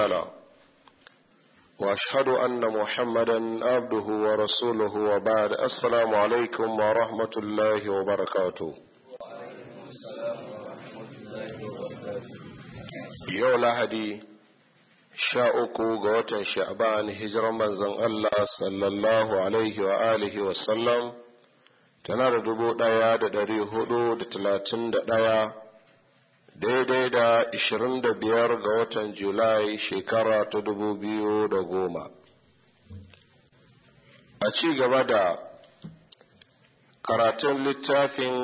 تعالى وأشهد أن محمدا عبده ورسوله وبعد السلام عليكم ورحمة الله وبركاته yau lahadi sha uku ga watan sha'ban hijiran manzon Allah sallallahu alaihi wa alihi wa sallam tana da dubu daya da dari hudu da talatin da daya daidai da 25 ga watan julai shekara ta 2010 a ci gaba da karatun littafin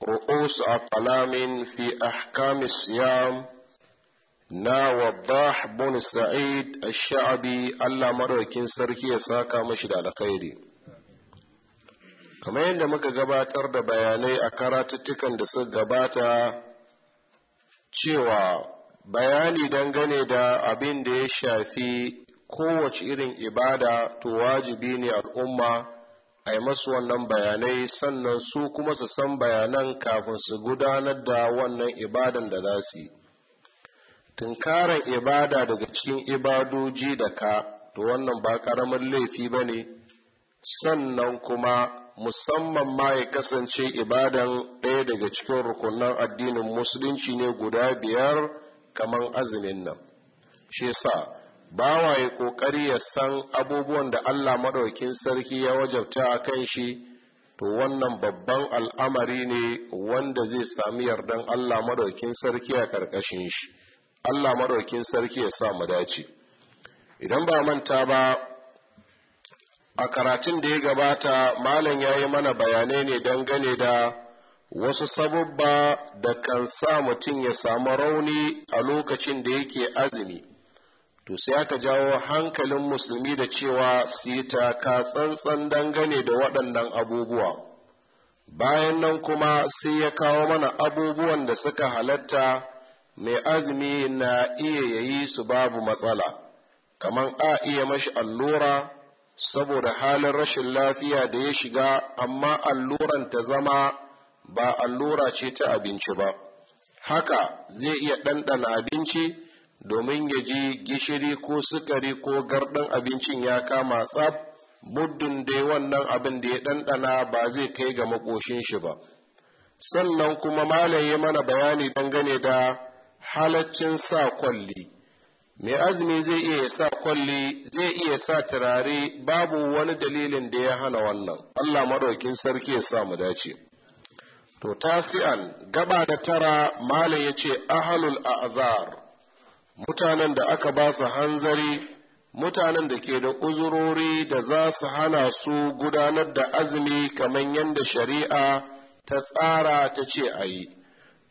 ru'us a kalamin fi ahkami siyam na waddah bin sa'id ash Allah madaukin sarki ya saka mashi da alkhairi kamar yadda muka gabatar da bayanai a karatuttukan da suka gabata cewa bayani dangane da abin da ya shafi kowace irin ibada to wajibi ne al'umma a yi masu wannan bayanai sannan su kuma su san bayanan kafin su gudanar da wannan ibadan da za su yi tunkarar ibada daga cikin ibadoji da ka to wannan ba ƙaramin laifi ba ne sannan kuma musamman ma ya kasance ibadan ɗaya daga cikin rukunan addinin musulunci ne guda biyar kamar azumin nan shi sa bawa ya ƙoƙari ya san abubuwan da allah maɗaukin sarki ya wajabta a kan shi to wannan babban al'amari ne wanda zai sami yardan allah maɗaukin sarki a ƙarƙashin shi allah maɗaukin sarki ya sa mu dace idan ba manta ba a karatun da ya gabata malam ya yi mana bayanai ne dangane da wasu sabubba da kan sa mutum ya samu rauni a lokacin da yake azumi to sai aka jawo hankalin musulmi da cewa su yi taka tsantsan dangane da waɗannan abubuwa bayan nan kuma sai ya kawo mana abubuwan da suka halatta mai azumi na iya yayi su babu matsala kamar a iya mashi allura saboda halin rashin lafiya da ya shiga amma alluran ta zama ba allura ce ta abinci ba haka zai iya ɗanɗana abinci domin ya ji gishiri ko sukari ko garɗin abincin ya kama tsab muddin dai wannan abin da ya ɗanɗana ba zai kai ga makoshin shi ba sannan kuma malam ya mana bayani dangane da halaccin sa kwalli mai azumi zai iya sa kwalli zai iya sa turare babu wani dalilin da ya hana wannan allah maɗaukin sarki ya sa mu dace to tasi'an gaba da tara malam ya ce ahalul a'zar mutanen da aka ba su hanzari mutanen da ke da uzurori da za su hana su gudanar da azumi kamar yadda shari'a ta tsara ta ce a yi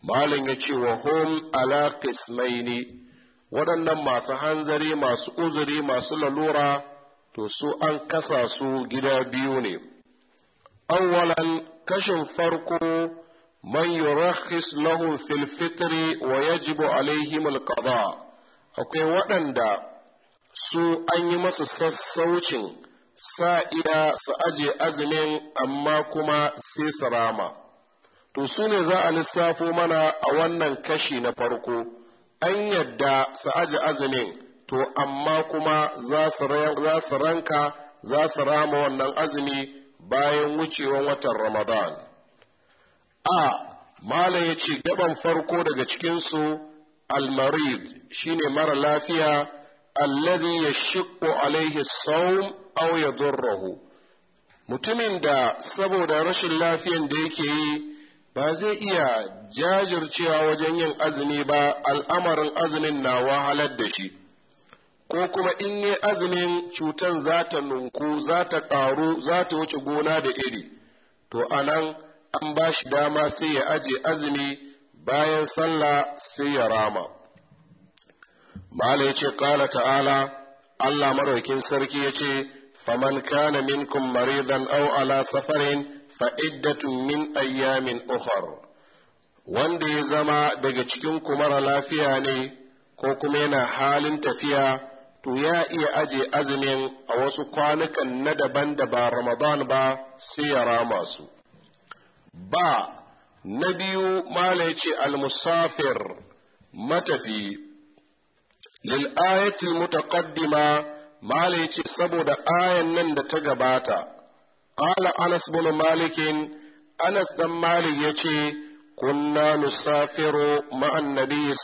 malam ya ce wa hum ala qismaini waɗannan masu hanzari masu uzuri masu lalura to su an kasa su gida biyu ne awwalan kashin farko man yurakhis lahum fil fitri wa yajibu alaihim qada akwai waɗanda su an yi masu sassaucin sa iya su aje azumin amma kuma sai su rama to su ne za a lissafo mana a wannan kashi na farko an yadda su aji azumin to amma kuma za su ranka za su rama wannan azumi bayan wucewan watan ramadan a mala ya ce gaban farko daga cikinsu almarid shine mara lafiya alladhi shiko alaihi saum don rahu mutumin da saboda rashin lafiyan da yake yi ba zai iya jajircewa wajen yin azumi ba al'amarin azumin na wahalar da shi ko kuma in yi azumin cutar za ta nunku za ta ƙaru za ta wuce gona da iri to anan an ba shi dama sai ya aje azumi bayan sallah sai ya rama malai ya ce ƙala ta'ala allah maraukin sarki ya ce faman kana minkum maridan au ala safarin fa'iddatun min ayyamin ukhar wanda ya zama daga cikin mara lafiya ne ko kuma yana halin tafiya to ya iya aje azumin a wasu kwanukan na daban da ba ramadan ba sai ya rama su ba na biyu mala ya ce almusafir matafi lil'ayatul mutaqaddima mala ya ce saboda ayan nan da ta gabata qala anas bin malik anas dan malik yace kunna nusafiru ma'an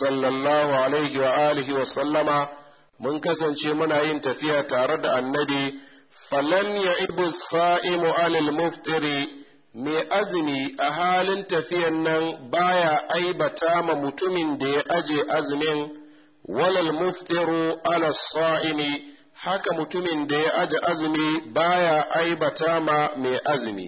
sallallahu alaihi wa alihi wa sallama mun kasance muna yin tafiya tare da annabi falan ya ibu sa'imu alil muftiri mai azumi a halin tafiyan nan baya aibata ma mutumin da ya aje azumin walal muftiru ala sa'imi haka mutumin da ya aje azumi baya aibata ma mai azumi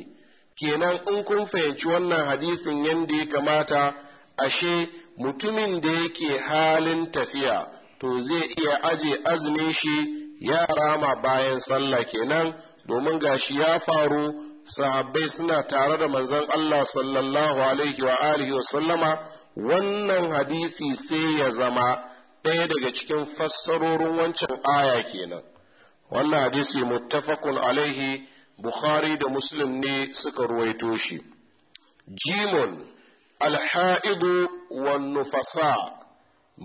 kenan in kun fahimci wannan hadisin yadda ya kamata ashe mutumin da yake halin tafiya to zai iya aje azumin shi ya rama bayan sallah kenan domin gashi ya faru sahabbai suna tare da manzon Allah sallallahu alaihi wa alihi wa sallama wannan hadisi sai ya zama ɗaya daga cikin fassarorin wancan aya kenan wannan hadisi muttafaqun alaihi bukhari da muslim ne suka ruwaito shi jimon alha'idu wan nufasa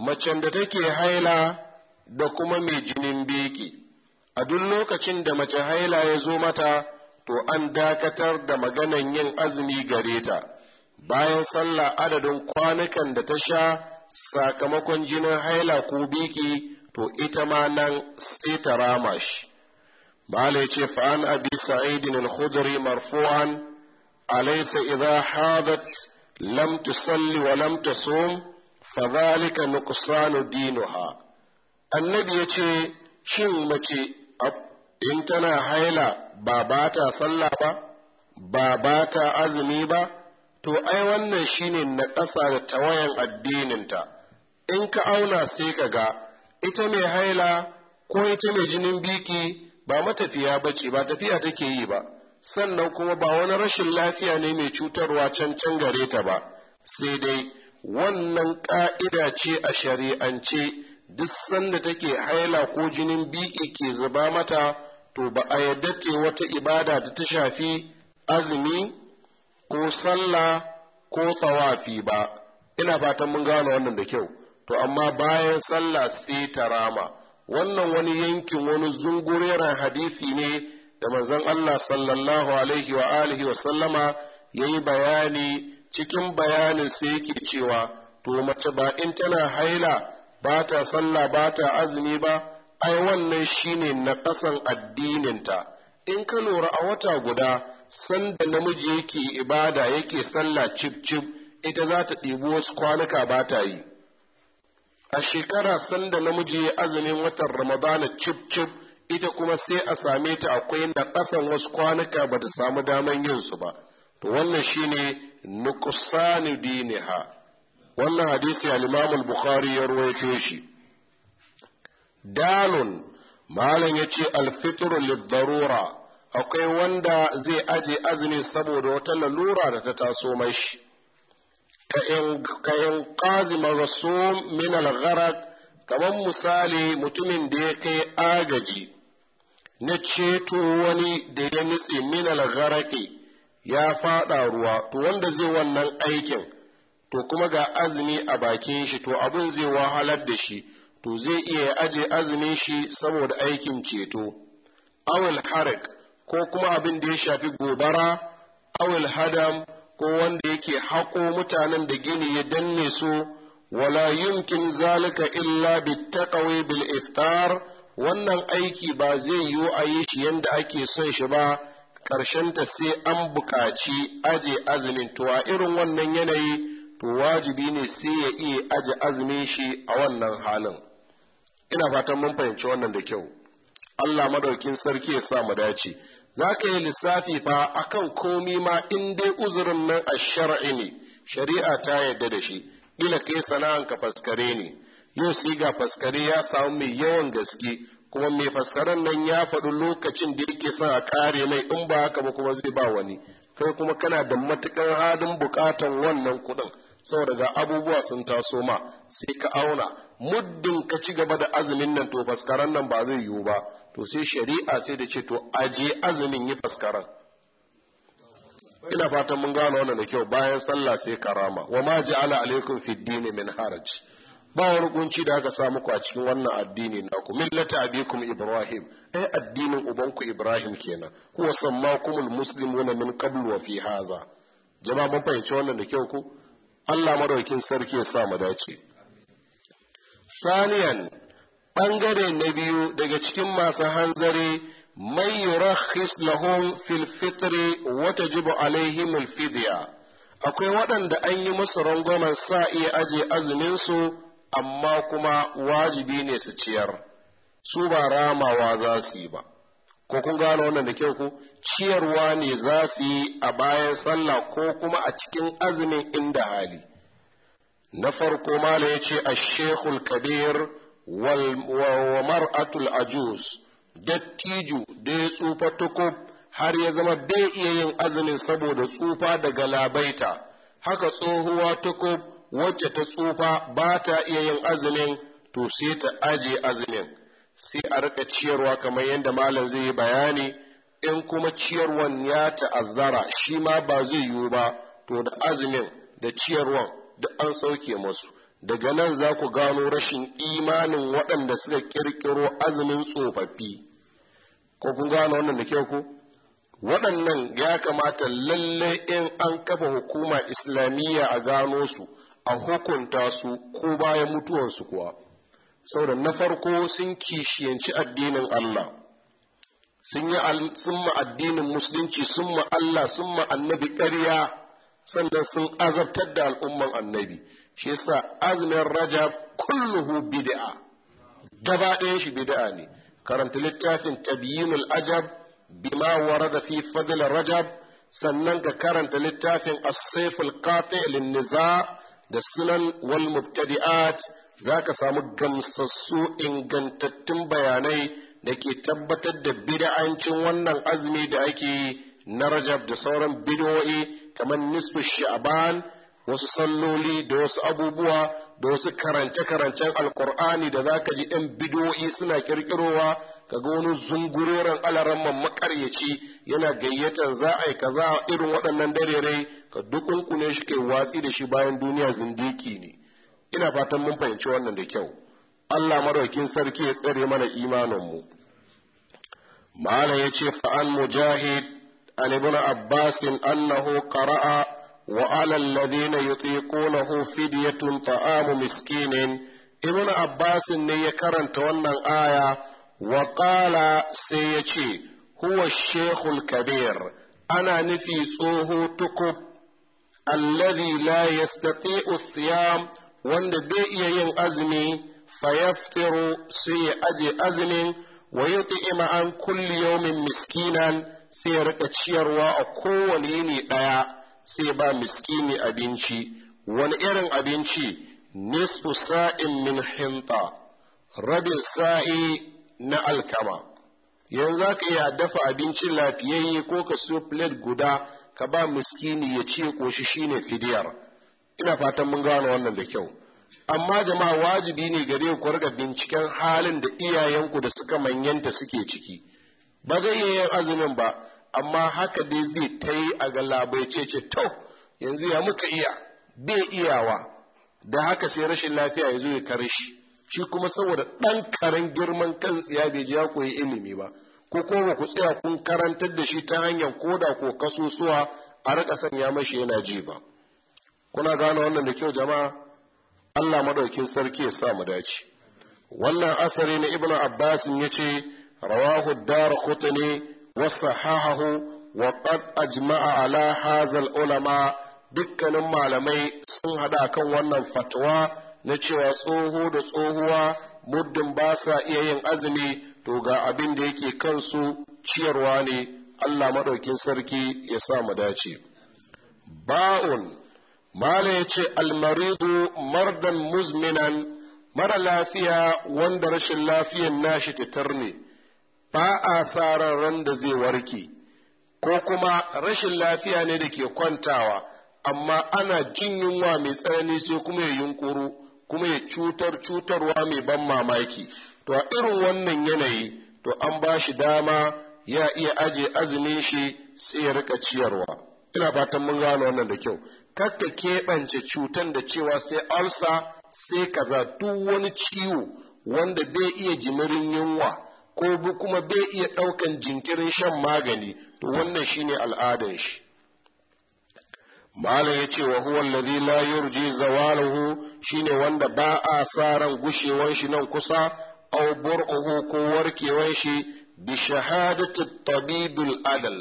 macen da take haila da kuma mai jinin beki a duk lokacin da mace haila ya zo mata to an dakatar da maganan yin azumi gare ta bayan sallah adadin kwanukan da ta sha sakamakon jinin haila ko biki to ita ma nan sai ta rama shi bala ce fa'an abi sa'idin al-khudri marfu'an alaysa idha hadat lam tusalli wa lam tasum fadhalika nuqsanu dinuha annabi yace shin mace in tana haila ba ba ta sallah ba ba ba ta azumi ba to ai wannan shine na ƙasa da tawayan addininta in ka auna sai ka ga ita mai haila ko ita mai jinin biki ba matafiya ba ce ba tafiya take yi ba sannan kuma ba wani rashin lafiya ne mai cutarwa can can gare ta ba sai dai wannan ƙa'ida ce a shari'ance duk sanda take haila ko jinin biki ke zuba mata to ba a yadda wata ibada da ta shafi azumi ko sallah ko tawafi ba ina fatan mun gane wannan da kyau to amma bayan sallah sai ta rama wannan wani yankin wani zunguriran hadisi ne da manzon Allah sallallahu alaihi wa alihi wa sallama yayi bayani cikin bayanin sai yake cewa to mace ba in tana haila ba ta sallah ba ta azumi ba ai wannan shine na kasan addininta in ka lura a wata guda sanda namiji yake ibada yake sallah cip cip ita za ta ɗibi wasu kwanuka ba ta yi a shekara sanda namiji ya azumin watan ramadana cip cip ita kuma sai a same ta akwai na ƙasan wasu kwanuka ba ta samu daman yin su ba to wannan shine nuqsanu diniha wannan hadisi al-Imam bukhari ya rawaito shi dalun malam ya ce fitr lid akwai wanda zai aje azumi saboda wata lalura da ta taso mai mashi kayan ƙaziman rasu min al kamar misali mutumin da ya kai agaji na ceto wani da ya nutse min al ya fada ruwa to wanda zai wannan aikin to kuma ga azumi a bakin shi to abun zai wahalar da shi to zai iya aje azumin shi saboda aikin ceto awil harik ko kuma abin da ya shafi gobara awil hadam ko wanda yake haƙo mutanen da gini ya danne su wala yumkin zalika illa bittaqawi bil iftar wannan aiki ba zai yiwu a yi shi yanda ake son shi ba ta sai an buƙaci aje azumin to a irin wannan yanayi to wajibi ne sai ya iya aje azumin shi a wannan halin ina fatan mun fahimci wannan da kyau Allah madaukin sarki ya sa mu dace za ka yi lissafi fa akan komi ma in dai uzurin nan a shar'i ne shari'a ta yarda da shi kila kai sana'an ka faskare ne yau sai ga faskare ya samu mai yawan gaske kuma mai faskaren nan ya faɗi lokacin da yake son a kare mai in ba haka ba kuma zai ba wani kai kuma kana da matukan halin bukatan wannan kuɗin saboda ga abubuwa sun taso ma sai ka auna muddin ka ci gaba da azumin nan to faskaren nan ba zai yiwu ba to sai shari'a sai da ce to aje azumin yi faskaran ina fatan mun gano wannan da kyau bayan sallah sai karama wa ma ja'ala alaikum fi dini min haraj ba wani kunci da aka sa muku a cikin wannan addini na ku millata abikum ibrahim ai addinin ubanku ibrahim kenan huwa sammakumul almuslimun min qablu wa fi haza jama'a mun fahimci wannan da kyau ku. Allah madaukin sarki ya sa mu dace Saniyan ɓangare na biyu daga cikin masu hanzari mai yurakhis lahum fil fitri wa jibo alaihim al fidya akwai waɗanda an yi musu rangwamen sa iya aje azumin su amma kuma wajibi ne su ciyar su ba ramawa za su yi ba ko kun gano wannan da kyau ku ciyarwa ne za su yi a bayan sallah ko kuma a cikin azumin inda hali na farko mala ya ce a shekul kabir wa Atul ajuz dattijo da ya tsufa tukub har ya zama bai iya yin azumin saboda tsufa daga labaita haka tsohuwa tukub wacce ta tsufa ba ta iya yin azumin to sai ta aje azumin sai a rika ciyarwa kamar yadda malam zai yi bayani in kuma ciyarwan ya ta'azzara shi ma ba zai yiwu ba to da azumin da ciyarwan da an sauke masu daga nan za ku gano rashin imanin waɗanda suka ƙirƙiro azumin tsofaffi ko kun gano wannan da kyau ko waɗannan ya kamata lalle in an kafa hukuma islamiyya a gano su a hukunta su ko bayan mutuwansu kuwa saboda na farko sun kishiyanci addinin Allah sun yi summa addinin musulunci summa Allah summa annabi ƙarya sannan sun azabtar da al'umman annabi shi yasa azumin rajab kulluhu bid'a gaba ɗayan shi bid'a ne karanta littafin tabyinul ajab bima da fi fadl rajab sannan ka karanta littafin as-sayful qati' lin-niza da sunan wal mubtadi'at ka samu gamsassu ingantattun bayanai da ke tabbatar da bid'ancin wannan azumi da ake yi na rajab da sauran bid'o'i kamar nisfu sha'ban wasu salloli da wasu abubuwa da wasu karance-karancen alkur'ani da za ka ji 'yan bidoyi suna ka ga wani zungureren alaramman makaryaci yana gayyatan za a yi kaza a irin waɗannan darerai ka dukunkune shi kai watsi da shi bayan duniya zindiki ne ina fatan mun fahimci wannan da kyau allah maraukin sarki ya tsare mana imaninmu malam ya ce fa'an mujahid an ibn abbasin annahu qara'a وعلى الذين يطيقونه فدية طعام مسكين ابن عباس ني كرنت wannan aya وقال sai هو الشيخ الكبير أنا نفي tsoho tukub الذي لا يستطيع الصيام wanda zai iya yin azumi fayaftiru sai ya aje azumin wa yut'ima an kulli yawmin miskinan sai rika ciyarwa a kowane ɗaya sai ba miskini abinci wani irin abinci nisfu sa'in min hinta rabin sa'i na alkama yanzu za ka iya dafa abincin lafiyayye ko ka so plate guda ka ba miskini ya ci ƙoshi shine fidiyar ina fatan mun gano wannan da kyau amma jama'a wajibi ne gare ku riga binciken halin da iyayenku da suka manyanta suke ciki ba zai iya yin azumin ba amma haka dai zai ta yi a galabaice ce to yanzu ya muka iya bai iyawa da haka sai rashin lafiya ya zo ya kare shi shi kuma saboda ɗan karen girman kan tsiya bai ji ya koyi ilimi ba ko kuma ku tsaya kun karantar da shi ta hanyar koda ko kasusuwa a rika sanya mashi yana ji ba kuna gane wannan da kyau jama'a Allah madaukin sarki ya sa mu dace wannan asari na ibnu abbas ya ce rawahu dar ne. وصححه وقد أجمع على هذا العلماء dukkanin malamai sun haɗa kan wannan fatwa na cewa tsoho da tsohuwa muddin ba sa iya yin azumi to ga abin da yake kansu ciyarwa ne Allah maɗaukin sarki ya sa mu dace ba'un mala yace ce almaridu mardan muzminan mara lafiya wanda rashin lafiyan nashi titar ne ba a tsarar ran da zai warke ko kuma rashin lafiya ne da ke kwantawa amma ana jin yunwa mai tsanani sai kuma ya yunkuru kuma ya cutar cutarwa mai ban mamaki to a irin wannan yanayi to an ba shi dama ya iya aje azumin shi sai ya rika ciyarwa ina fatan mun gano wannan da kyau kakka keɓance cutan da cewa sai alsa sai kaza duk wani ciwo wanda bai iya jimirin yunwa ko kuma bai iya ɗaukan jinkirin shan magani to wannan shine al'adar shi malam ya ce wa huwa alladhi la yurji shi shine wanda ba a sa ran gushewan shi nan kusa aw bur'uhu ko warkewan shi bi shahadati tabibul adal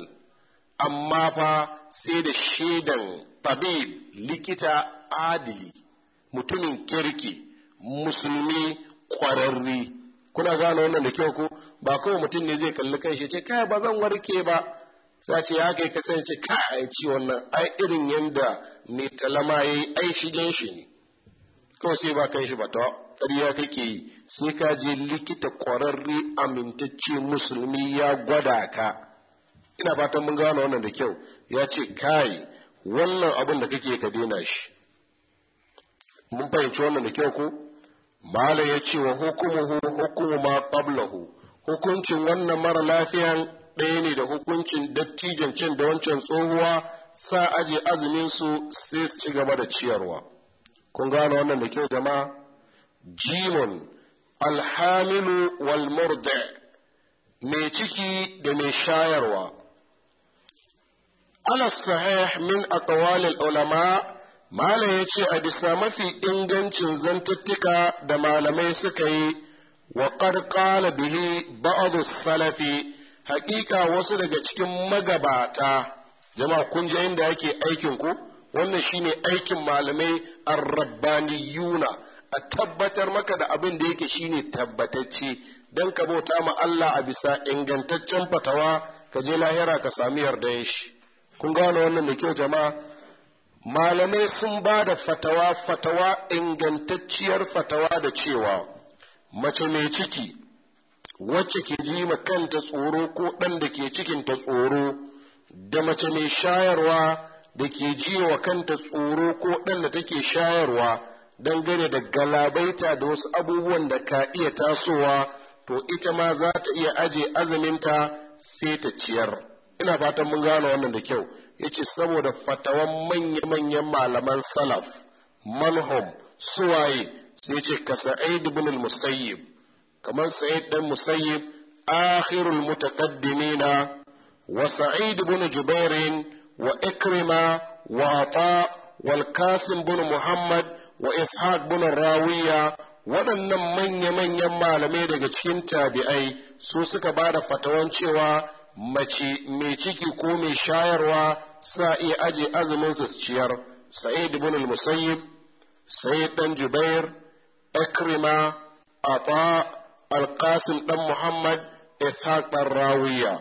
amma fa sai da shaidan tabib likita adili mutumin kirki musulmi kwararri kuna gane wannan da kyau ko ba kawai mutum ne zai kalli kai shi ce kai ba zan warke ba sai ce ya kai kasance ka ai wannan wannan ai irin yanda mai talama yayi ai shigen shi ne kawai sai ba kan shi ba ta ƙarya kake yi sai ka je likita ƙwararre amintacce musulmi ya gwada ka ina fatan mun gano wannan da kyau ya ce kai wannan abin da kake ka daina shi mun fahimci wannan da kyau ko malam ya ce wa hukumuhu hukumu ma qablahu hukuncin wannan mara lafiyan ɗaya ne da hukuncin dattijan cin da wancan tsohuwa sa aje azumin su sai su ci gaba da ciyarwa kun gano wannan da kyau jama'a jimon alhamilu wal murda mai ciki da mai shayarwa ala sahih min aqwalil ulama malam ya ce a bisa mafi ingancin zantuttuka da malamai suka yi wa qad qala bihi salafi haƙiƙa wasu daga cikin magabata jama'a kun ji inda yake aikin ku wannan shine aikin malamai ar yuna, a tabbatar maka da abin da yake shine tabbatacce dan ka bauta ma Allah a bisa ingantaccen fatawa ka je lahira ka sami yarda ya shi kun gane wannan da kyau jama'a malamai sun ba da fatawa fatawa ingantacciyar fatawa da cewa mace mai ciki wacce ke ji ma kanta tsoro ko ɗan da ke cikinta tsoro da mace mai shayarwa da ke ji wa kanta tsoro ko ɗan da take shayarwa dangane da galabaita da wasu abubuwan da ka iya tasowa to ita ma za ta iya aje azuminta sai ta ciyar ina fatan mun gane wannan da kyau yace saboda fatawan manya-manyan malaman salaf manhum suwaye sai ce ka sa'id ibn al-musayyib kamar sa'id dan musayyib akhirul mutaqaddimina wa sa'id ibn jubair wa ikrima wa ata wal qasim ibn muhammad wa ishaq ibn rawiya waɗannan manya-manyan malamai daga cikin tabi'ai su suka ba da fatawan cewa mace mai ciki ko mai shayarwa sa iya aje azumin su ciyar sa'id ibn al-musayyib sa'id dan jubair ikrima ata alkasim ɗan muhammad ishaq ɗan rawiya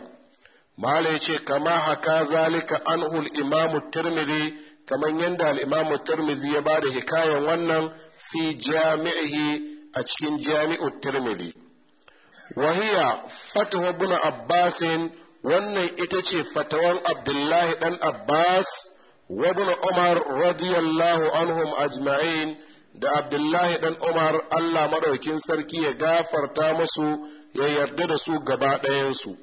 mala ya ce kama haka zalika anhul imamu tirmidhi kamar yadda al'imamu tirmidhi ya ba da hikayen wannan fi jami'ihi a cikin jami'u tirmidhi wahiya fatawa bin abbasin wannan ita ce fatawan abdullahi ɗan abbas wa bin umar radiyallahu anhum ajma'in da abdullahi dan umar allah maɗaukin sarki ya gafarta musu ya yarda da su gaba ɗayansu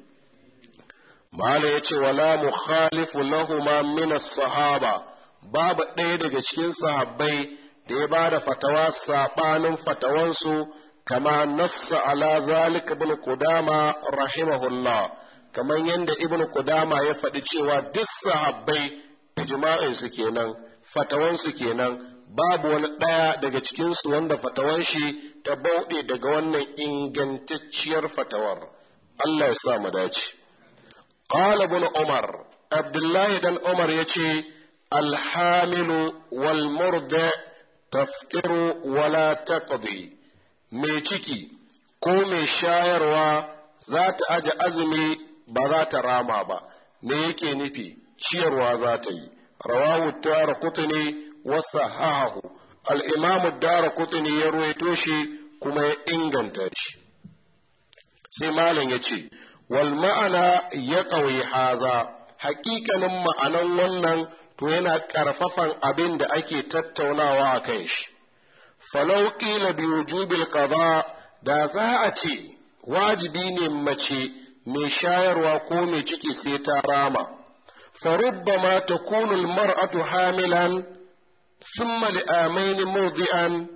mala ya ce wala mukhalifu lahuma min sahaba babu ɗaya daga cikin sahabbai da ya ba da fatawa saɓanin fatawansu kama nassa ala zalika ibn qudama rahimahullah kamar yadda ibn qudama ya faɗi cewa duk sahabbai su kenan fatawansu kenan babu wani ɗaya daga cikinsu wanda fatawan shi ta bauɗe daga wannan ingantacciyar fatawar Allah ya sa mu dace qala ibn umar abdullahi dan umar yace alhamilu wal murda taftiru wala taqdi mai ciki ko mai shayarwa za ta aje azumi ba za ta rama ba me yake nufi ciyarwa za ta yi rawahu ne. wasahahu al-imam dara kutini ya ruwaito shi kuma ya inganta shi sai malam ya ce wal ma'ana ya ƙauye haza hakikanin ma'anan wannan to yana ƙarfafan abin da ake tattaunawa a kan shi Falauƙila biyu bi wujubil qada da za a ce wajibi ne mace mai shayarwa ko mai ciki sai ta rama farubba ma takunul mar'atu hamilan ثم لآمين مرضئا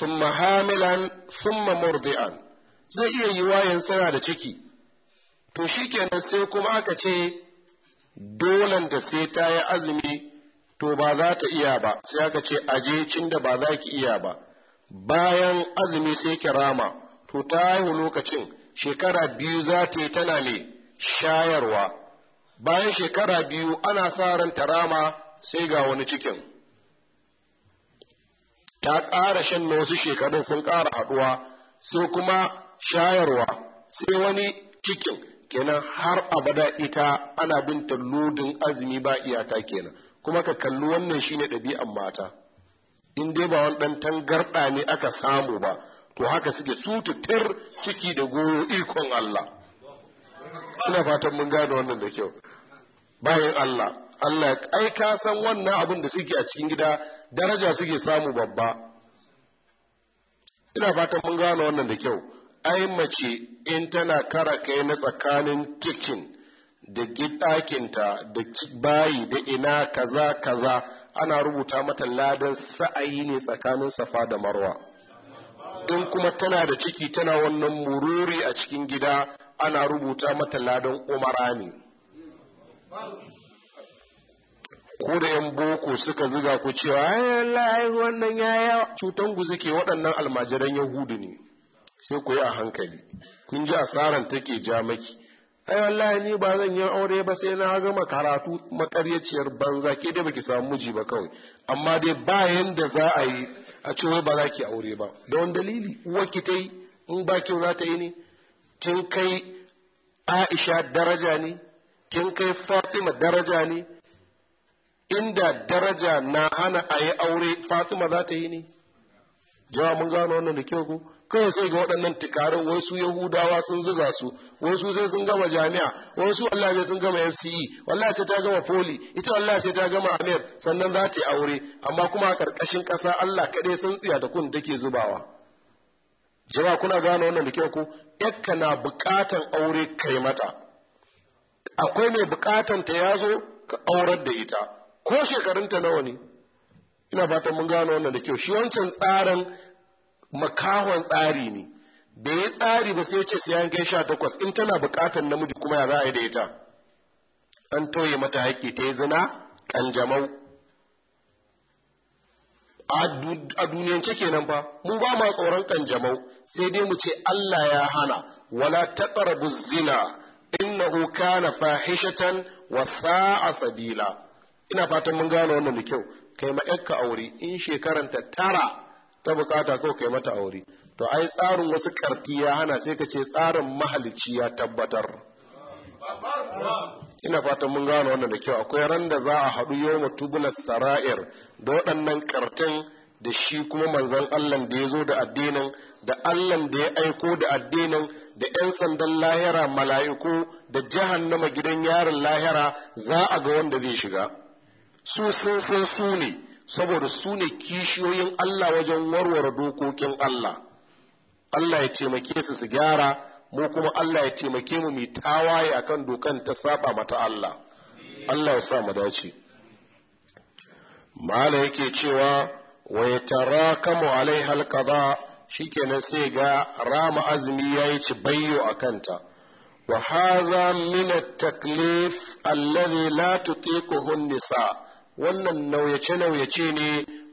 ثم hamilan ثم مرضئا zai iya yi wayan tsana da ciki to shikenan sai kuma aka ce dolan da sai ta yi azumi to ba za ta iya ba sai aka ce aje cinda da ba za ki iya ba bayan azumi sai rama to ta haihu lokacin shekara biyu za ta yi tana ne shayarwa bayan shekara biyu ana sa ranta rama sai ga wani cikin ta ƙara shan na wasu shekarun sun ƙara haɗuwa sai kuma shayarwa sai wani cikin kenan har abada ita ana binta lodin azumi ba iyaka kenan kuma ka kalli wannan shine ɗabi'an mata in dai ba wani ɗan tangarɗa ne aka samu ba to haka suke su ciki da goyo ikon Allah ina fatan mun gane wannan da kyau bayan Allah Allah ai ka san wannan abin da suke a cikin gida daraja suke samu babba ina fatan mun gano wannan da kyau ai mace in tana kara kai na tsakanin kitchen da ɗakinta da bayi da ina kaza kaza ana rubuta mata ladan sa'ayi ne tsakanin safa da marwa in kuma tana da ciki tana wannan mururi a cikin gida ana rubuta mata ladan umara ne ko da yan boko suka ziga ku cewa ai Allah ai wannan yaya Cutar guzi ke waɗannan almajiran yahudu ne sai ku yi a hankali kun ji asaran take ja maki ai wallahi ni ba zan yi aure ba sai na gama karatu makaryaciyar banza ke da baki samu miji ba kawai amma dai bayan da za a yi a ce wai ba za ki aure ba da wani dalili uwar ki ta yi in ba ki za ta yi ne kin kai Aisha daraja ne kin kai Fatima daraja ne inda daraja na hana a yi aure fatima za ta yi ne Jawa mun gano wannan da kyau ko kawai sai ga waɗannan tikarin wai su yahudawa sun zuga su wai su sai sun gama jami'a wai su wallahi sai sun gama fce wallahi sai ta gama poli ita wallahi sai ta gama amir sannan za ta yi aure amma kuma a ƙarƙashin ƙasa allah kaɗai sun tsiya da kun take zubawa Jawa kuna gano wannan da kyau ko yakka na buƙatan aure kai mata akwai mai buƙatan ta yazo ka aurar da ita ko shekarunta nawa ne ina fatan mun gano wannan da kyau shi wancan tsarin makahon tsari ne bai yi tsari ba sai ya ce sai an kai sha takwas in tana bukatar namiji kuma ya za da ita an toye mata haƙƙi ta yi zina jamau. a duniyance kenan fa mu ba ma tsoron ƙanjamau sai dai mu ce Allah ya hana wala taqrabu zina innahu kana fahishatan wa sa'a sabila ina fatan mun gane wannan da kyau kai ma ka aure in shekaranta tara ta bukata kawai kai mata aure to ai tsarin wasu karti ya hana sai ka ce tsarin mahalicci ya tabbatar ina fatan mun gane wannan da kyau akwai ran da za a haɗu yau tubular sara'ir da waɗannan kartan da shi kuma manzon allah da ya zo da addinin da allah da ya aiko da addinin da 'yan sandan lahira mala'iku da jahannama gidan yarin lahira za a ga wanda zai shiga su sun san su ne saboda su ne kishiyoyin Allah wajen warware dokokin Allah Allah ya taimake su su gyara mu kuma Allah ya taimake mu mai tawaye akan dokan ta saba mata Allah Allah ya sa mu dace mala yake cewa wa yatarakamu alaiha alqada shikenan sai ga rama azumi yayi ci bayyo akanta wa haza min at-taklif alladhi la tutiquhu an-nisa' wannan nauyace-nauyace ne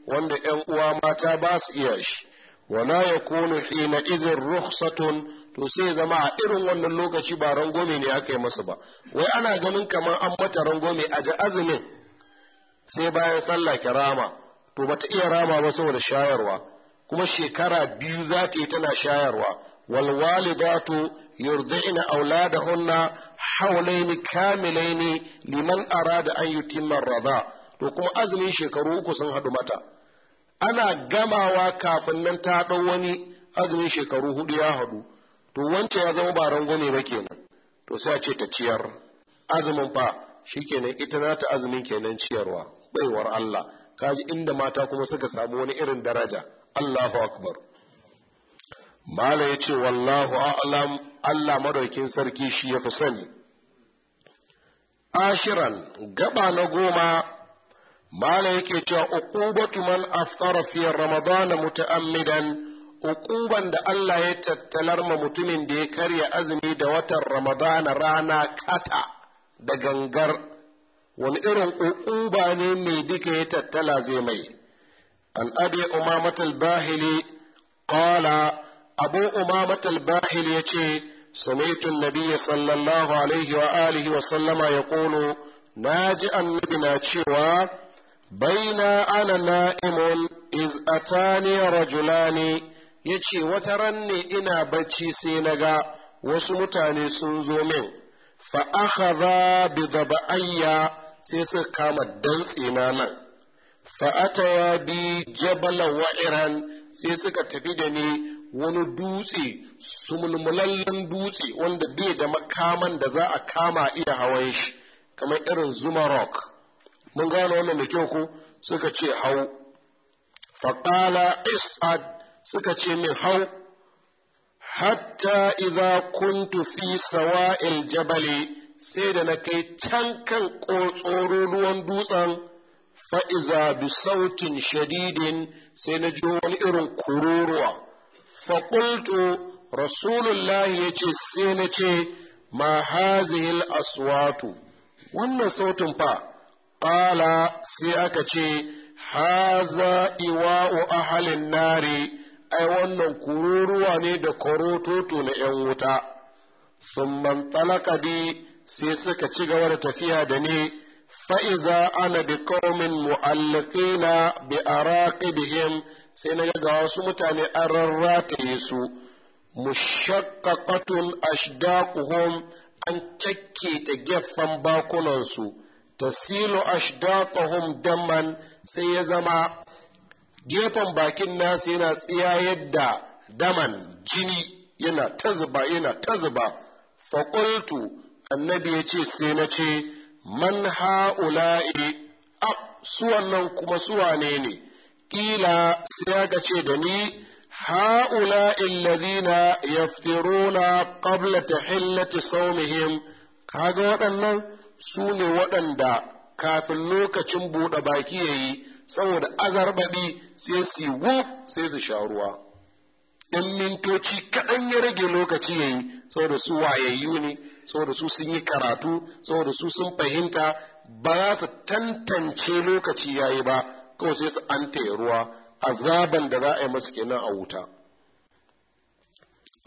wanda 'yan uwa mata ba su iya shi Wana ya kunu hina izin rukhsatun to sai zama a irin wannan lokaci ba rangome ne aka yi masa ba wai ana ganin kamar an mata rangome a ji azumin sai bayan sallah rama. to bata iya rama ba saboda shayarwa kuma shekara biyu za ta yi tana shayarwa Walwali aula yurdi'na hunna hawlaini kamilaini liman arada an timar radha to kuma azumin shekaru uku sun haɗu mata ana gamawa kafin nan ta ɗau wani azumin shekaru hudu ya haɗu to wancan ya zama ba ne ba kenan to sai a ce ta ciyar azumin fa shikenan ita na ta azumin kenan ciyarwa baiwar Allah kaji inda mata kuma suka samu wani irin daraja Allahu akbar mala ya ce wallahu a'lam Allah madaukin sarki shi ya fi sani ashiran gaba na goma malam yake cewa uqubatu man aftara fi ramadana muta'ammidan uquban da Allah ya tattalar ma mutumin da ya karya azumi da watan ramadana rana kata da gangar wani irin uquba ne mai duka ya tattala zai mai an abi umamat al-bahili qala abu umamat al-bahili yace sami'tu an-nabiy sallallahu alaihi wa alihi wa sallama yaqulu naji annabi na cewa baina ana na'imun iz atani rajulani ce wata ran ne ina bacci sai na ga wasu mutane sun zo min fa’aka za bi ba'ayya sai suka kama dantse na nan fa'ata ya bi jabala wa'iran sai suka tafi da ni wani dutse sumulmulallen dutse wanda bai da makaman da za a kama iya hawan shi kamar irin zuma rock mun gane wannan da kyau ko suka ce hau faƙala is'ad suka ce min hau hatta idza kuntu fi sawa'il jabali sai da na kai can kan ruwan dutsen fa'iza bi sautin shadidin sai na ji wani irin kururuwa faƙultu rasulullahi ya ce sai na ce ma hazihil aswatu wannan sautin fa ƙala sai aka ce haza iwa'u ahalin Nare ai wannan kururuwa ne da korototo na 'yan wuta sun talaka sai suka ci gaba da tafiya da ni fa'iza ana bi ƙaumin na bi araqibihim sai na ga wasu mutane an rarrataye su mushaqqaqatun ashdaquhum an kyakketa gefen bakunansu tasilu ashdaqahum daman sai ya zama gefen bakin nasu yana tsiyayar da daman jini yana ta zuba yana ta zuba faƙultu annabi ya ce sai na ce man ha'ula'i a su wannan kuma su wane ne ƙila sai aka ce da ni هؤلاء na يفترون قبل تحلة Ka kaga waɗannan su ne waɗanda kafin lokacin buɗe baki ya yi saboda azarbaɗi sai su wuf sai su sha ruwa in mintoci kaɗan ya rage lokaci ya yi saboda su wayayyu ne saboda su sun yi karatu saboda su sun fahimta ba za su tantance lokaci ya yi ba kawai sai su an ruwa azaban da za a yi masu kenan a wuta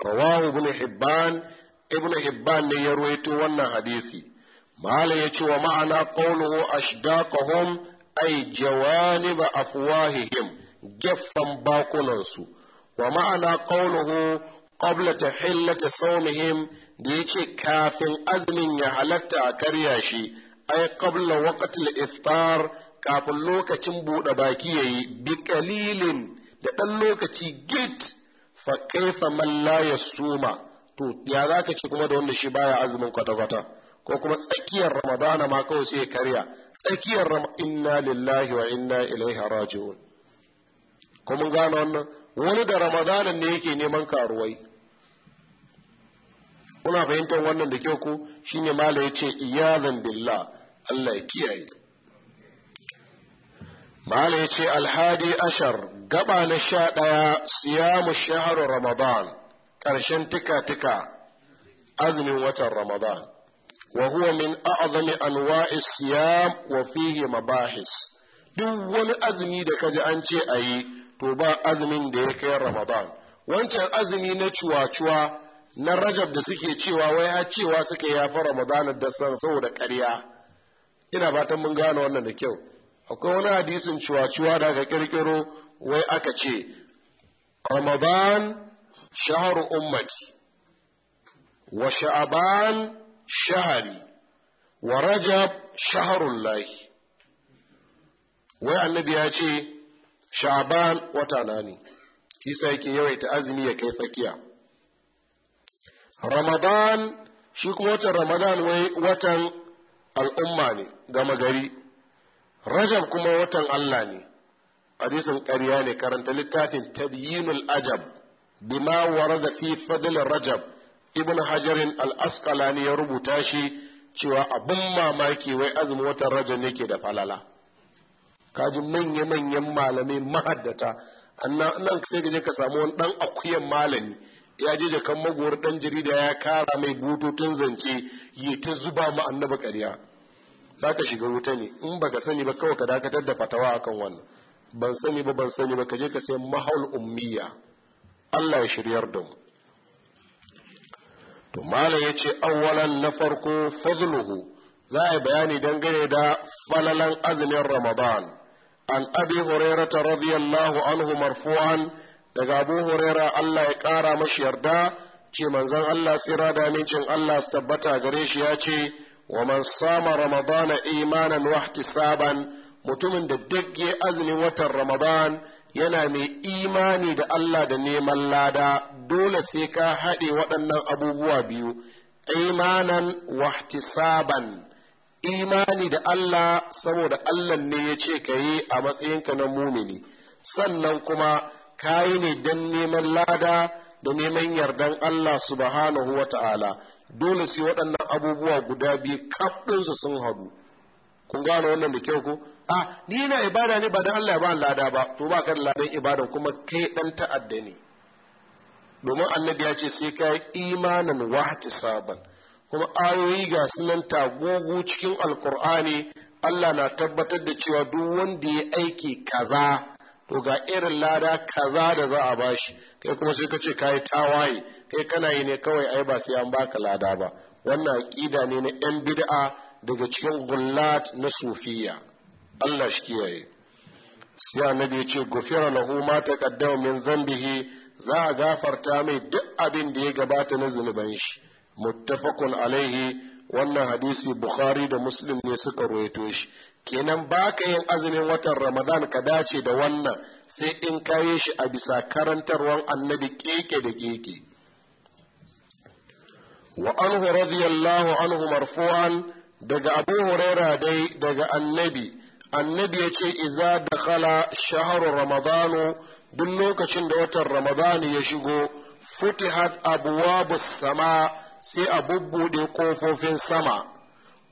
rawahu ibn hibban hibban ne ya ruwaito wannan hadisi malam ya ce wa ma'ana a qawluhu ai ay jawanib afwahihim geffan bakunansu wa ma'ana ƙabla ta hillata saunihim da ya ce kafin azumin ya halatta a karya shi yi ƙabla waƙatul iftar kafin lokacin buɗe baki ya yi, bi kalilin, da ɗan lokaci git fa kaifa man la suma to ya za ka ci kuma da wanda shi baya azumin kwata-kwata ko kuma tsakiyar ramadana ma kawai sai ya karya tsakiyar ramadana inna lillahi wa inna ilaihi raji'un ko mun gano wannan wani da ramadanan ne yake neman karuwai kuna fahimtar wannan da kyau ku shine mala yace iyazan billah Allah ya kiyaye mala yace alhadi ashar gaba na sha ɗaya siyamu shaharar ramadan ƙarshen tika tika azumin watan ramadan wa huwa min a'zami anwa'i siyam wa mabahis duk wani azumi da kaji an ce a yi to ba azumin da ya kai ramadan wancan azumi na cuwa-cuwa na rajab da suke cewa wai a cewa suke fi ramadan da san saboda ƙarya ina fatan mun gane wannan da kyau akwai wani hadisin cuwa-cuwa da aka kirkiro wai aka ce ramadan shahar ummati wa sha'aban shahari wa rajab shaharullahi wai annabi ya ce sha'ban wata na ne kisa yake yawaita azumi ya kai tsakiya ramadan shi kuma watan ramadan wai watan al'umma ne gama gari rajab kuma watan allah ne hadisin ƙarya ne karanta littafin tabyinul ajab bima warada fi fadlin rajab ibn hajarin al ne ya rubuta shi cewa abin mamaki wai azumin watan rajab ne ke da falala kaji manya-manyan malamai mahaddata annan nan sai gaje ka samu wani ɗan akuyan malami ya je jakan magowar ɗan jarida ya kara mai bututun zance yi ta zuba mu annaba ƙarya za ka shiga wuta ne in baka sani ba kawai ka dakatar da fatawa akan wannan ban sani ba ban sani ba ka je ka sai mahaul ummiya Allah ya shiryar da mu to mala ya ce awwalan na farko fadluhu za a yi bayani dangane da falalan azumin ramadan an abi hurairata radiyallahu anhu marfu'an daga abu hurera allah ya ƙara mashi yarda ce manzon allah tsira da amincin allah su tabbata gare shi ya ce wa man sama ramadana imanan wahtisaban mutumin da duk azumin watan ramadan yana mai imani da allah da neman lada dole sai ka haɗe waɗannan abubuwa biyu imanan wahtisaban imani da Allah saboda Allah ne ya ce ka yi a matsayinka na mumini sannan kuma ka yi ne don neman lada da neman yardan Allah subhanahu wa ta'ala dole sai waɗannan abubuwa guda biyu kaɗinsu sun haɗu kun gano wannan da kyau ko ah ni na ibada ne ba don Allah ya ba lada ba to ba ka da ladan ibada kuma kai ɗan ta'adda ne domin annabi ya ce sai ka yi imanin sabon. kuma ayoyi ga sunan tagugu cikin alkur'ani Allah na tabbatar da cewa duk wanda ya aiki kaza to ga irin lada kaza da za a bashi kai kuma sai ka ce ka yi tawaye kai kana yi ne kawai ai ba sai an baka lada ba wannan aƙida ne na 'yan bid'a daga cikin gullat na sufiya Allah shi kiyaye sai annabi ya ce gufira lahu ma taqaddama min dhanbihi za a gafarta mai duk abin da ya gabata na zunuban shi muttafaqun alaihi wannan hadisi bukhari da muslim ne suka ruwaito shi kenan baka yin azumin watan ramadan ka dace da wannan sai in kaye shi a bisa karantarwan annabi keke da keke wa anhu radiyallahu anhu marfu'an daga abu huraira dai daga annabi annabi ya ce iza dakhala shaharar ramadanu duk lokacin da watan ramadani ya shigo futihat abuwabu sama sai a bubbuɗe kofofin sama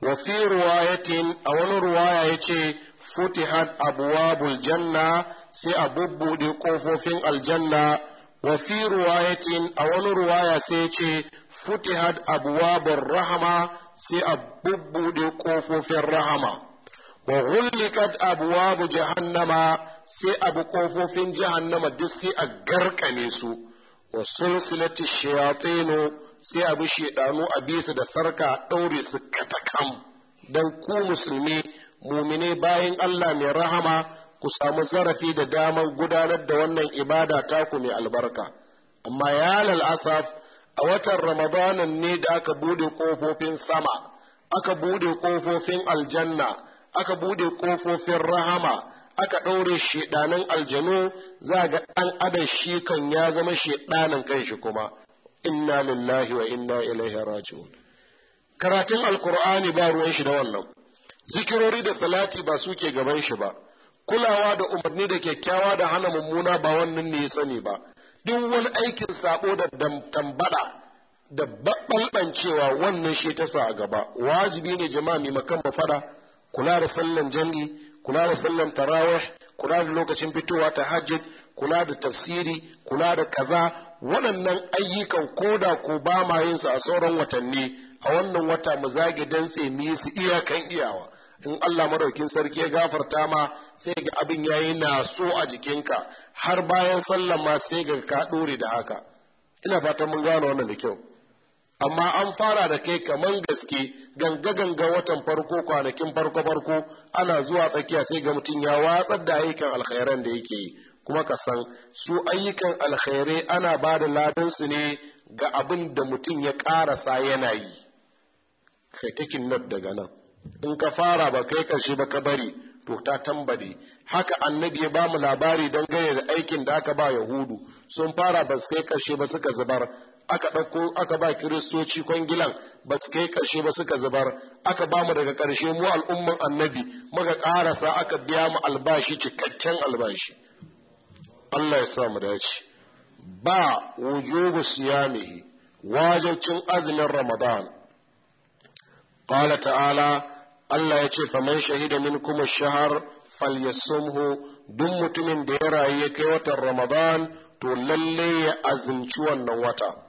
wa fi ruwayatin a wani ruwaya ya ce futihat abuwabu janna sai a bubbuɗe kofofin aljanna wa fi ruwayatin a wani ruwaya sai ce futihat abuwabu rahama sai a bubbuɗe kofofin rahama wa hulikat abuwabu jahannama sai abu ƙofofin jahannama duk sai a garkame su wa sulsilati shayatinu sai abu shedanu a bisa da sarka ɗaure su katakam don ku musulmi mumine bayan Allah mai rahama ku samu zarafi da damar gudanar da wannan ibada taku mai albarka amma ya lalasaf a watan ramadanan ne da aka bude ƙofofin sama aka bude ƙofofin aljanna aka bude ƙofofin rahama aka ɗaure shedanin aljanu za ga ɗan adam shi kan ya zama shedanin kanshi kuma inna lillahi wa inna ilaihi raji'un karatun alkur'ani ba ruwan shi da wannan zikirori da salati ba suke gaban shi ba kulawa da umarni da kyakkyawa da hana mummuna ba wannan ne ya sani ba duk wani aikin sabo da tambada da cewa wannan shi ta sa a gaba wajibi ne jama'a mai makan faɗa? kula da sallan jami'i kula da sallan tarawih kula da lokacin fitowa ta hajjid kula da tafsiri kula da kaza waɗannan ayyukan ko da ko ba ma yin su a sauran watanni a wannan wata mu zage dantse mu yi su iyakan iyawa in Allah madaukin sarki ya gafarta ma sai ga abin yayi na so a jikinka har bayan sallan ma sai ga ka ɗore da haka ina fatan mun gano wannan da kyau amma an fara da kai kamar gaske ganga ganga watan farko kwanakin farko farko ana zuwa tsakiya sai ga mutum ya watsar da ayyukan alkhairan da yake yi kuma ka san su ayyukan alkhairai ana ba da ladansu ne ga abin da mutum ya ƙarasa yana yi kai takin daga nan in ka fara ba kai karshe ba ka bari to ta tambade haka annabi ya ba mu labari dangane da aikin da aka ba yahudu sun fara ba su kai ƙarshe ba suka zubar aka ɗauko aka ba kiristoci kwangilan ba su kai ƙarshe ba suka zubar aka ba mu daga ƙarshe mu al'umman annabi muka ƙarasa aka biya mu albashi cikakken albashi Allah ya sa mu dace ba wujubu siyamihi wajibcin azumin ramadan qala ta'ala Allah ya ce faman shahida minkum ash-shahr falyasumhu duk mutumin da ya rayu ya kai watan ramadan to lalle ya azumci wannan wata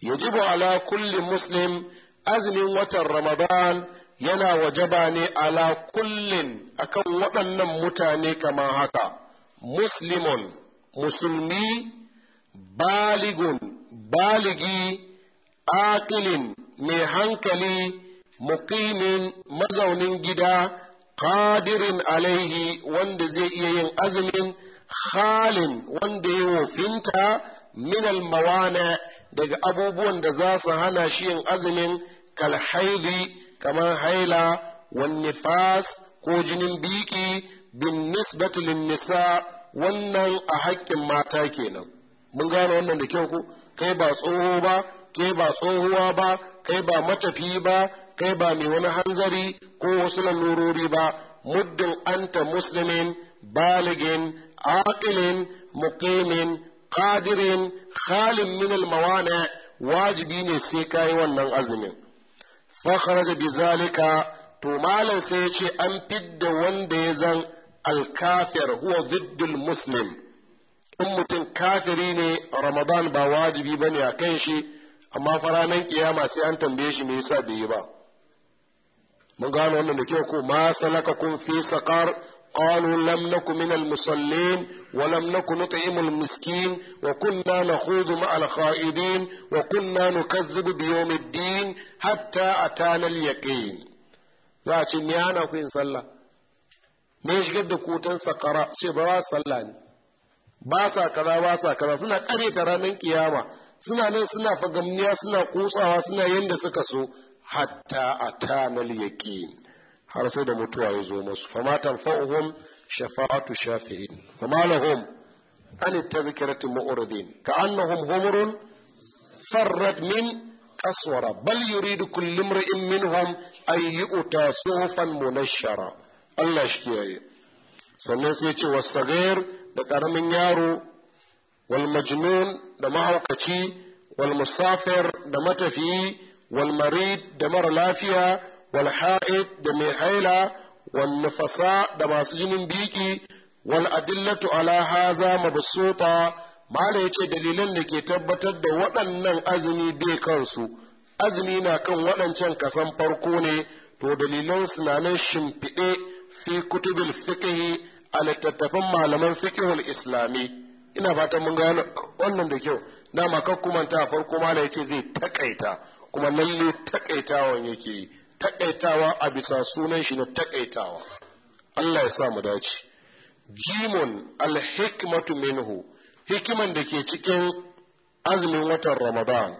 yajibu ala kulli muslim azumin watan ramadan yana wajaba ne ala kullin akan waɗannan mutane kamar haka muslimun musulmi baligun baligi aqilin mai hankali muqimin mazaunin gida qadirin alaihi wanda zai iya yin azumin halin wanda ya wofinta minal mawana daga abubuwan da za su hana shi yin azumin kalhaili kamar haila wan nifas ko jinin biki bin nisbati nisa wannan a haƙƙin mata kenan mun gane wannan da kyau ko kai ba tsoho ba kai ba tsohuwa ba kai ba matafi ba kai ba mai wani hanzari ko wasu lalurori ba muddin anta muslimin baligin aqilin muqimin qadirin khalin min al wajibi ne sai kai wannan azumin fa kharaja bizalika to malam sai ya ce an fidda wanda ya zan alkafir huwa diddul muslim in mutum kafiri ne ramadan ba wajibi ba ne a kan shi amma faranan kiyama sai an tambaye shi me yasa bai yi ba mun gano wannan da kyau ko ma salaka kun fi saqar قالوا لم نك من المصلين ولم نك نطعم المسكين وكنا نخوض مع الخائضين وكنا نكذب بيوم الدين حتى أتانا اليقين ذات نيانا كوين صلى مش قد كوتن سقراء شبرا صلاني باسا كذا باسا كذا سنة قرية رامين قيامة suna nan suna fagamniya suna kutsawa suna yadda suka so hatta a tanal yaqin har sai da mutuwa ya zo masu fama tanfa'uhum shafa'atu shafi'in fama lahum an tadhkirati mu'ridin ka'annahum humrun farrat min kaswara bal yuridu kullu imrin minhum an yu'ta suhufan munashshara Allah shi kiyaye sannan sai ce wasagair da karamin yaro wal majnun da mahaukaci wal musafir da matafiyi wal marid da mara lafiya wal da mai haila wal nufasa da masu jinin biki wal adillatu ala haza mabsuta mala yace dalilan da ke tabbatar da waɗannan azumi bai kansu azumi na kan waɗancan kasan farko ne to dalilan sunanan shimfiɗe fi kutubil fiqhi a littattafan malaman fiqhul islami ina fatan mun gano wannan da kyau Nama kan kumanta farko mala yace zai takaita kuma lalle takaitawa yake yi takaitawa a bisa sunan shi na takaitawa Allah ya sa mu dace jimun alhikmatu minhu hikiman da ke cikin azumin watan ramadan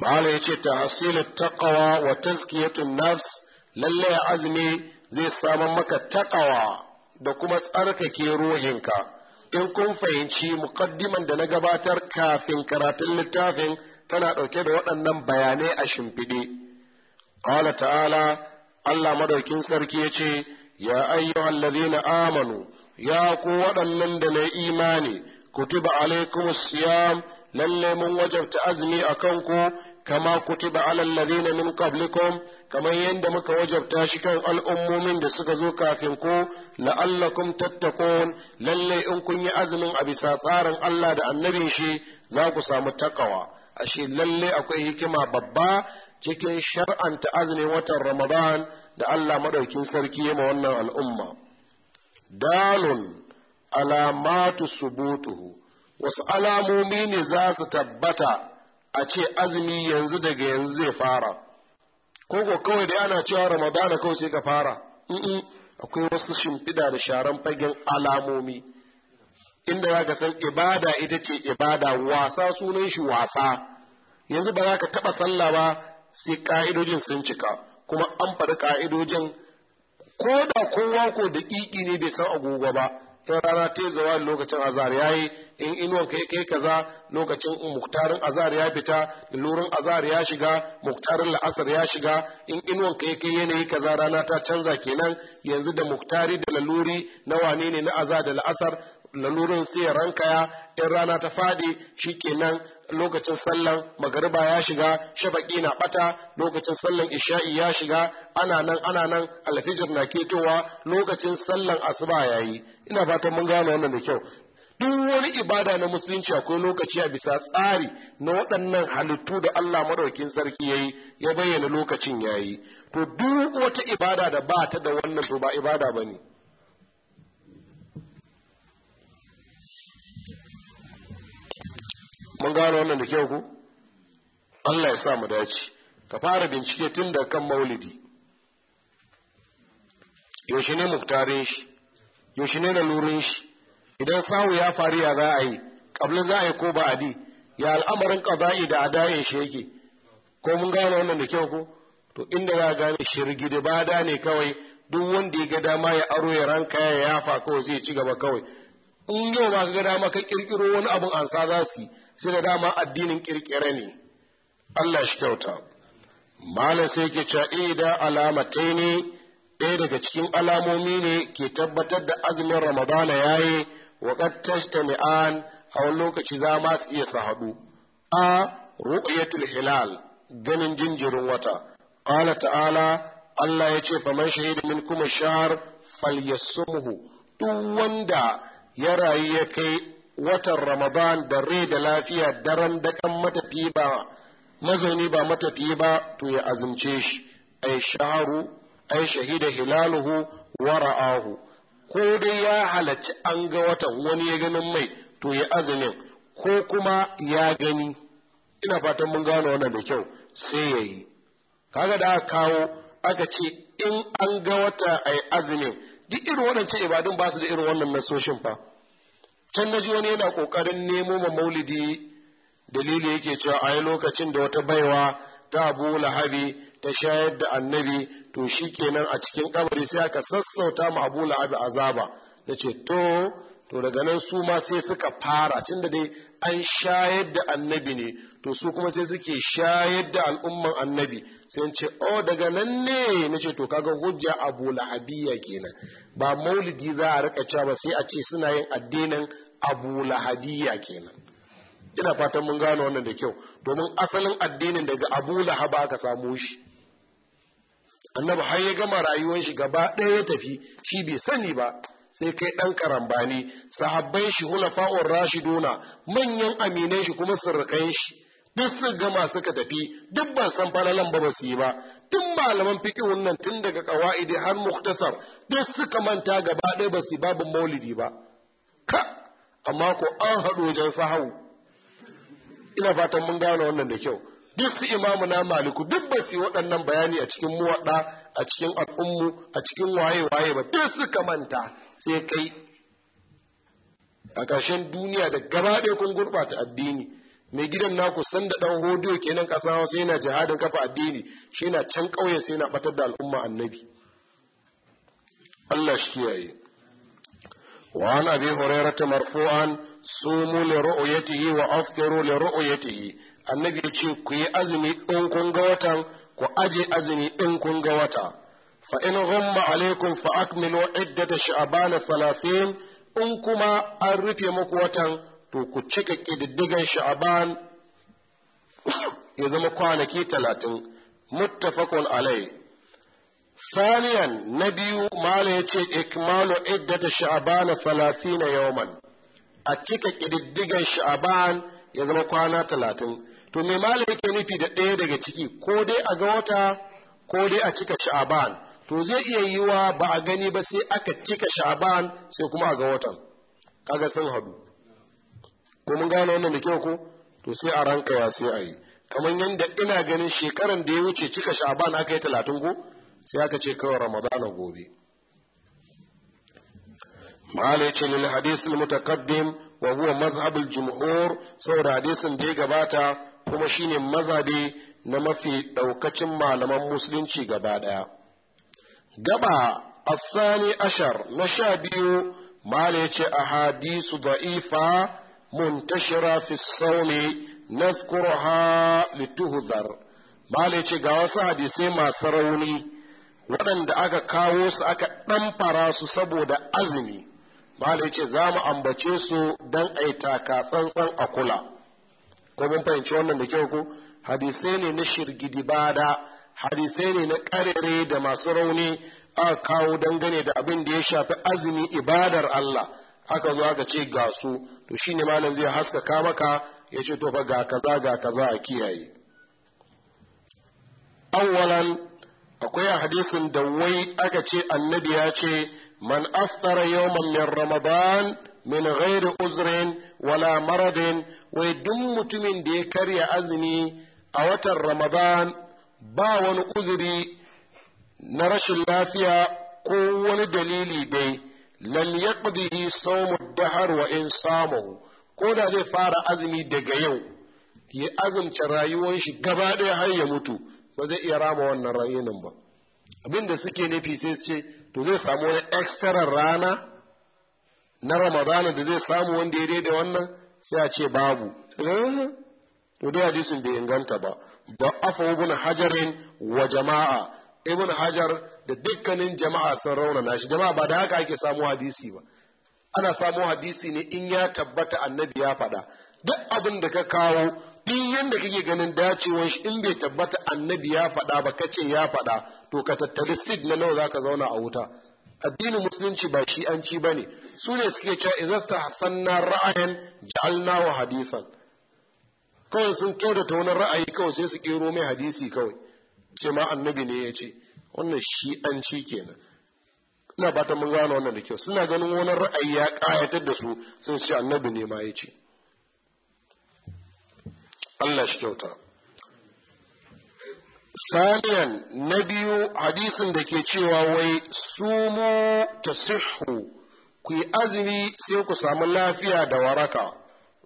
ma'ala ya ce tahsilat taqwa wa tazkiyatun nafs lalle azumi zai samar maka taqwa da kuma tsarkake ruhinka in kun fahimci muqaddiman da na gabatar kafin karatun littafin tana ɗauke da waɗannan bayanai a shimfide. qala ta'ala Allah madaukin sarki ya ce ya ayyuhal ladina amanu ya ku waɗannan da na imani kutuba alaikum siyam lalle mun wajabta azumi a kanku kama kutiba alal ladina min qablikum kamar yadda muka wajabta shi kan al'ummomin da suka zo kafin ku la'allakum tattakon lalle in kun yi azumin a bisa tsarin Allah da annabin shi za ku samu takawa ashe lalle akwai hikima babba cikin shar'anta azumin watan ramadan da allah maɗaukin sarki ma wannan al'umma dalun alamatu subutuhu wasu alamomi ne za su tabbata a ce azumi yanzu daga yanzu zai fara ko ko kawai da ana cewa ramadan kawai sai ka fara akwai wasu shimfida da sharan fagen alamomi inda za ka san ibada ita ce ibada wasa sunan shi wasa yanzu ba za ka taɓa sallah ba sai ƙa'idojin sun cika kuma an faɗi ƙa'idojin. ko da kowa ko da ƙiƙi ne bai san agogo ba in rana ta zawa lokacin azar ya yi in inuwan kai kai kaza lokacin muktarin azar ya fita lurin azar ya shiga muktarin la'asar ya shiga in inuwan kai kai yanayi kaza rana ta canza kenan yanzu da muktari da laluri na wane ne na azar da la'asar lalurin sai ya rankaya in rana ta faɗi shikenan lokacin sallan magariba ya shiga shabaki na bata lokacin sallan isha'i ya shiga ana nan ana nan alfijir na ketowa lokacin sallan asuba ya yi. ina fatan mun gane wannan da kyau duk wani ibada na musulunci akwai lokaci a bisa tsari na waɗannan halittu da Allah maɗaukin sarki ya yi ya bayyana lokacin ya yi to duk wata ibada da ba ta da wannan to ba ibada ba ne mun gano wannan da kyau ko Allah ya sa mu dace ka fara bincike tun da kan maulidi yaushe ne muktarin shi yaushe ne lalurin shi idan sahu ya faru ya za a yi kabla za a yi ko ba di ya al'amarin kaza'i da adayin shi yake ko mun gane wannan da kyau ko to inda za a gane shirgide bada ne kawai duk wanda ya ga dama ya aro ya ranka ya yafa kawai zai ci gaba kawai in yau ba ka ga dama ka kirkiro wani abun ansa za su yi sai da dama addinin kirkire ne Allah shi kyauta malam sai ke cewa eh, da alamatai ne ɗaya daga cikin alamomi ne ke tabbatar da azumin ramadana ya yi wa ta mi'an a wani lokaci za ma su iya su haɗu a ru'yatul hilal ganin jinjirin wata ƙala ta'ala Allah ya ce faman shahidu min kuma shahar falyasumhu duk wanda ya rayu ya kai watan ramadan da rai da lafiya daren dakan matafiye ba mazauni ba matafiye ba to ya azumce shi ai shaharu ai shahida hilaluhu wara'ahu ko dai ya halarci an ga watan wani ya ganin mai to ya azumin ko kuma ya gani ina fatan mun gano wannan da kyau sai ya yi kaga da aka kawo aka ce in an ga wata ai azumin duk irin waɗancan ibadun ba su da irin wannan nasoshin fa can naji wani yana kokarin nemo ma maulidi dalili yake cewa a yi lokacin da wata baiwa ta abu lahabi ta shayar da annabi to shi kenan a cikin kabari sai aka sassauta ma abu lahabi azaba na ce to to daga nan su ma sai suka fara cin da dai an shayar da annabi ne to su kuma sai suke shayar da al'umman annabi sai ce o oh, daga nan ne na ce to kaga hujja abu lahabiya kenan ba maulidi za a rika cewa ba sai a ce suna yin addinin abu lahabiya kenan ina fatan mun gano wannan da kyau domin asalin addinin daga abu lahaba aka samu shi annabi har ya gama rayuwar shi gaba ɗaya ya tafi shi bai sani ba sai kai ɗan karambani sahabbai shi hulafa'ur rashiduna manyan aminai shi kuma sirrikan shi duk su gama suka tafi duk ban san falalan ba ba su yi ba tun malaman fiqhun nan tun daga ƙawa'idi har muktasar duk suka manta gaba ɗaya ba su yi babin maulidi ba ka amma ko an haɗu wajen sahau ina fatan mun gane wannan da kyau duk su imamu na maliku duk ba su waɗannan bayani a cikin muwaɗa a cikin al'ummu a cikin waye-waye ba duk suka manta sai kai a ƙarshen duniya da gaba ɗaya kun gurɓata addini mai gidan naku san da ɗan hodiyo kenan ƙasa wasu yana jihadin kafa addini shi yana can ƙauye sai yana ɓatar da al'umma annabi Allah shi kiyaye وعن أبي هريرة مرفوعا صوموا لرؤيته وأفطروا لرؤيته النبي يقول كي أزمي إن كن غوتا وأجي أزمي إن كن غوتا فإن غم عليكم فأكملوا عدة شعبان ثلاثين إن كما أرفي مكوتا to ku cika ƙididdigan sha'aban ya zama kwanaki talatin muttafaqun saniyan na biyu mala ya ce ikmalu iddata sha'abana na yawman a cika kididdigan sha'aban ya zama kwana talatin to me mala yake nufi da ɗaya daga ciki ko dai a ga wata ko dai a cika sha'aban to zai iya yiwa ba a gani ba sai aka cika sha'aban sai kuma a ga watan kaga sun hadu Kuma mun gane wannan da kyau ku? to sai a ranka ya sai a yi kamar yadda ina ganin shekaran da ya wuce cika sha'aban aka yi talatin ku? sai aka ce kawai ramadana gobe malai ce lil hadisul mutakaddim wa huwa mazhabul jumhur saboda hadisin da ya gabata kuma shine mazabe na mafi daukacin malaman musulunci gaba daya gaba asani ashar na sha biyu malai ce ahadisu da'ifa muntashira fi sauni nafkuruha lituhdhar malai ce ga wasu hadisai masu rauni waɗanda aka kawo su aka ɗamfara su saboda azumi mala ce za mu ambace su don a yi taka tsantsan a kula ko mun fahimci wannan da kyau ku hadisai ne na shirgidi bada hadisai ne na karere da masu rauni aka kawo dangane da abin da ya shafi azumi ibadar Allah aka zo aka ce ga su to shine malam zai haskaka maka ya ce to fa ga kaza ga kaza a kiyaye awwalan akwai a hadisin da wai aka ce annabi ya ce man aftara yawman min ramadan min ghairi uzrin wala maradin wai duk mutumin da ya karya azumi a watan ramadan ba wani uzuri na rashin lafiya ko wani dalili dai lal yaqdihi sawmu dahar wa in samahu ko da zai fara azumi daga yau ya azumce rayuwar shi gaba ɗaya har ya mutu ba zai iya rama wannan ra'inin ba Abinda da suke nufi sai su ce to zai samu wani extra rana na ramadana da zai samu wanda ya daidai wannan sai a ce babu eh, to dai hadisin bai inganta ba ba afa ibn hajarin wa jama'a ibn hajar da dukkanin jama'a sun rauna na shi jama'a ba da haka ake samu hadisi ba ana samu hadisi ne in ya tabbata annabi ya faɗa duk abin da ka kawo duk yanda kake ganin dacewan shi in bai tabbata annabi ya faɗa ba kace ya faɗa to ka tattali sid na nawa zaka zauna a wuta addinin musulunci ba shi an ci bane su ne suke cewa idan sa hasanna ra'ayan ja'alna wa hadithan kawai sun kyautata wani ra'ayi kawai sai su kero mai hadisi kawai ce ma annabi ne ya ce wannan shi an ci kenan ina ba ta mun gane wannan da kyau suna ganin wani ra'ayi ya ƙayatar da su sun ce annabi ne ma ya ce Allah shi kyauta saniyan na biyu hadisin da ke cewa wai sumu ta sihu ku yi azumi sai ku samu lafiya da waraka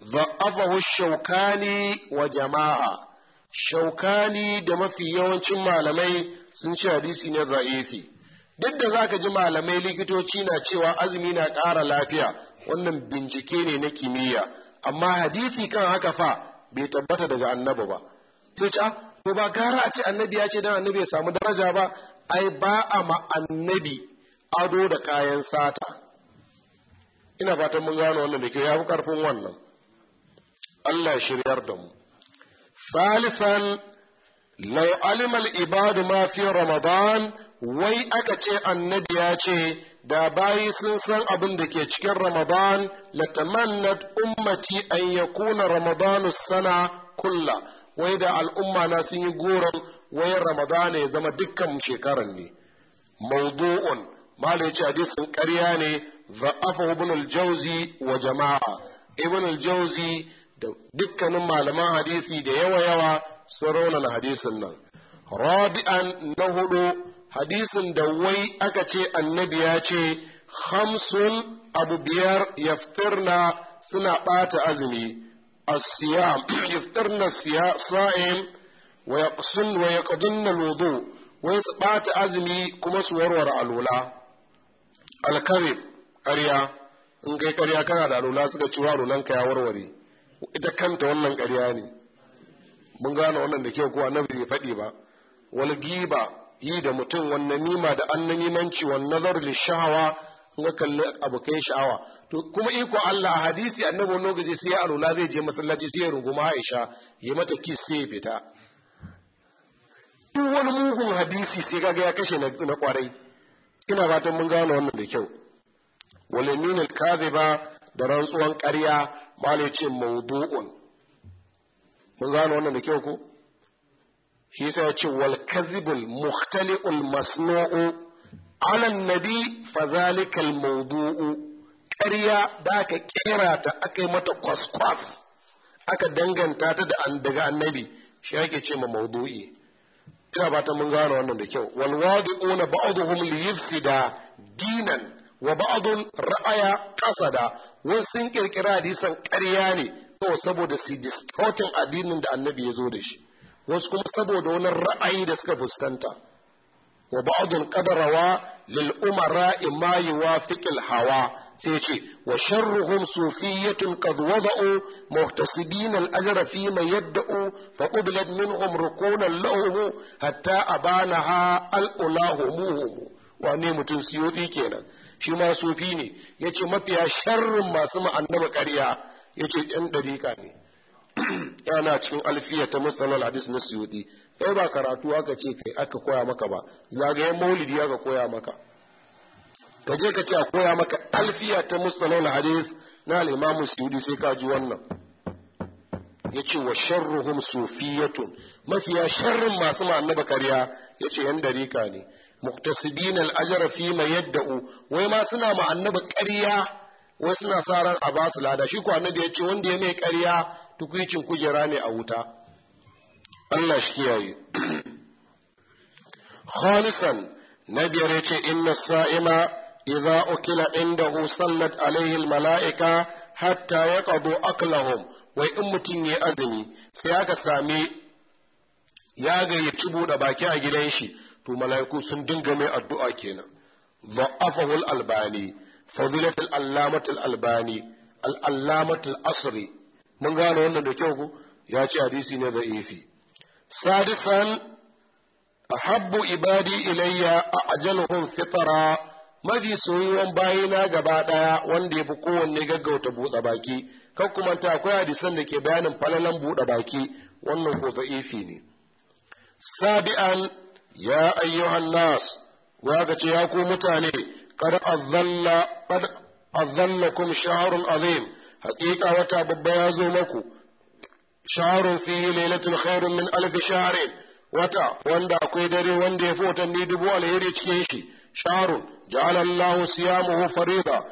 za'afahu shaukani wa jama'a shaukani da mafi yawancin malamai sun ci hadisi ne za'ifi duk da za ka ji malamai likitoci na cewa azumi na ƙara lafiya wannan bincike ne na kimiyya amma hadisi kan haka fa bai tabbata daga annabi ba sai ce ko ah, ba gara a ce annabi ya ce dan annabi ya samu daraja ba ai ba a ma annabi ado da kayan sata ina fatan mun gano wannan da ke, ya fi karfin wannan Allah shiryar da mu salifan laalimal ibadu ma fi ramadan wai aka ce annabi ya ce da bayi sun san abin da ke cikin ramadan latamannat ummati an yakuna ramadanu sana kulla wai da al'umma na sun yi goron wai ramadan ya zama dukkan shekaran ne mawdu'un mala ya ce hadisin ƙarya ne za'afa ibn al-jawzi wa jama'a ibn al-jawzi da dukkanin malaman hadisi da yawa yawa sun raunana hadisin nan rabi'an na hudu hadisin da wai aka ce annabi ya ce hamsun abu biyar yaftirna suna ɓata azumi asiyam yaftirna sa'im wa yaqsun wa yaqdunna alwudu wai su ɓata azumi kuma su warware alula alkarib ƙarya in kai ƙarya kana da alula suka ci nan ka ya warware ita kanta wannan karya ne mun gane wannan da kyau ko annabi bai faɗi ba wal giba yi da mutum wannan nima da an nimanci wannan nazar shahawa in kalli abu sha'awa to kuma iko Allah hadisi annabi wani lokaci sai ya alula zai je masallaci sai ya runguma Aisha ya mata ki sai ya fita duk wani mugun hadisi sai kaga ya kashe na kwarai ina fatan mun gane wannan da kyau walimin al-kadhiba da rantsuwan ƙarya malai ce mun gane wannan da kyau ko shi yasa ya ce wal kadhibul masnu'u Alannabi, nabi fa mawdu'u ƙarya da aka kera ta aka yi mata kwaskwas aka danganta ta da an daga annabi shi ake ce ma maudu'i ina ba ta mun gano wannan da kyau wal wadi'una ba'dhum li yufsida dinan wa ba'dhum ra'aya qasada wasu sun kirkira hadisan ƙarya ne to saboda su distortin addinin da annabi ya zo da shi wasu kuma saboda wani ra'ayi da suka fuskanta wa ba'dun qadarawa lil umara imma yuwafiqil hawa sai ce wa sharruhum sufiyyatun qad wada'u muhtasibin al ajra fi ma yad'u fa qubilat minhum rukunan lahum hatta abanaha al ulahumuhum wa ne mutun siyudi kenan shi ma sufi ne yace mafiya sharrin masu ma'annaba ƙarya yace ɗan ɗariƙa ne yana cikin alfiya ta masanar hadis na suyuti kai ba karatu aka ce kai aka koya maka ba zagayen maulidi aka koya maka ka je ka ce a koya maka alfiya ta masanar hadis na al'imamu suyuti sai ka ji wannan ya ce wa sharruhum sufiyatun mafiya sharrin masu ma'annaba karya ya ce yan darika ne muktasibin al'ajara fi mai yadda'u wai ma suna ma'annaba karya wai suna sa ran a ba su lada shi ko annabi ya ce wanda ya mai karya tukwicin kujera ne a wuta Allah shi kiyaye khalisan na biyar yace inna sa'ima idza ukila indahu sallat alaihi Mala'ika, hatta yaqadu aklahum wai in mutum ya azumi sai aka sami ya gayyaci buɗe baki a gidan shi to mala'iku sun dinga mai addu'a kenan albani الألباني فضيلة albani al الألامة asiri. mun gane wannan da kyau ku ya ce hadisi ne da ifi sadisan habbu ibadi ilayya a ajaluhum fitara mafi soyuwan bayina gaba daya wanda ya fi kowanne gaggauta buɗe baki kan kuma ta akwai hadisan da ke bayanin falalan buɗe baki wannan ko da ifi ne sabi'an ya ayyuhan nas wa ga ce ya ku mutane qad azalla qad azallakum shahrun azim haƙiƙa wata babba ya zo maku shaharun fihi lailatul khairun min alf shahrin wata wanda akwai dare wanda ya fi watanni dubu alheri cikin shi shaharun ja'alallahu siyamuhu farida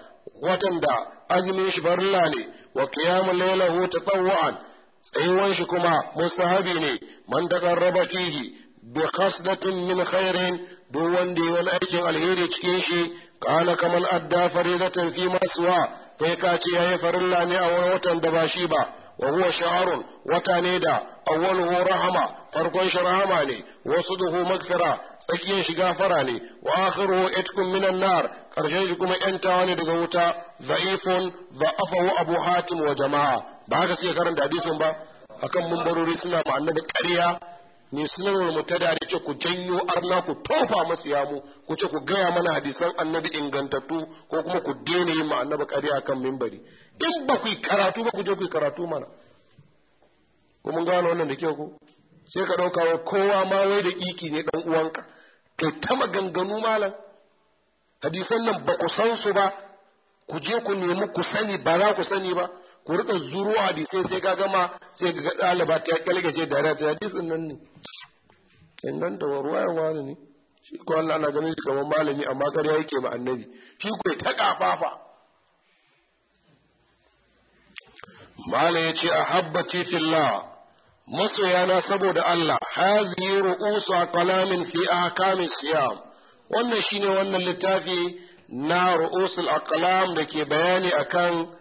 watan da azumin shi farilla ne wa qiyamul lailahu tatawwa'an tsayuwan shi kuma musahabi ne man taqarraba fihi bi khasdatin min khairin duk wanda ya aikin alheri cikin shi kana kaman adda faridatan fi maswa kai ka ce yi farilla ne a wani watan da ba shi ba wa huwa sha'arun wata ne da hu rahama farkon shi rahama ne wasu duhu magfira tsakiyar shi gafara ne wa akhiru itkum minan nar karshen shi kuma yantawa ne daga wuta ba afahu abu hatim wa jama'a ba haka suke karanta hadisin ba akan mumbarori suna ma annabi ƙarya Ne mai sunan ta da ce ku janyo arna ku tofa masu yamu ku ce ku gaya mana hadisan annabi ingantattu ko kuma ku daina yin annabi ƙarya a kan mimbari in ba ku yi karatu ba ku je ku yi karatu mana ku mun gano wannan da kyau ko sai ka ɗauka wa kowa ma wai da ƙiƙi ne ɗan uwanka kai ta maganganu malam hadisan nan ba ku san su ba ku je ku nemi ku sani ba za ku sani ba ku rika zuru hadisai sai ka gama sai ka ga ɗaliba ta kalgace da rata hadisin nan ne in nan da warwayan wani ne shi ko Allah na ganin shi kamar malami amma ya yake ma annabi shi ko ta kafafa malai ya ce a habbati fillah masoyana saboda Allah hazihi ru'usu kalamin fi ahkami siyam wannan shine wannan littafi na ru'usul aqlam da ke bayani akan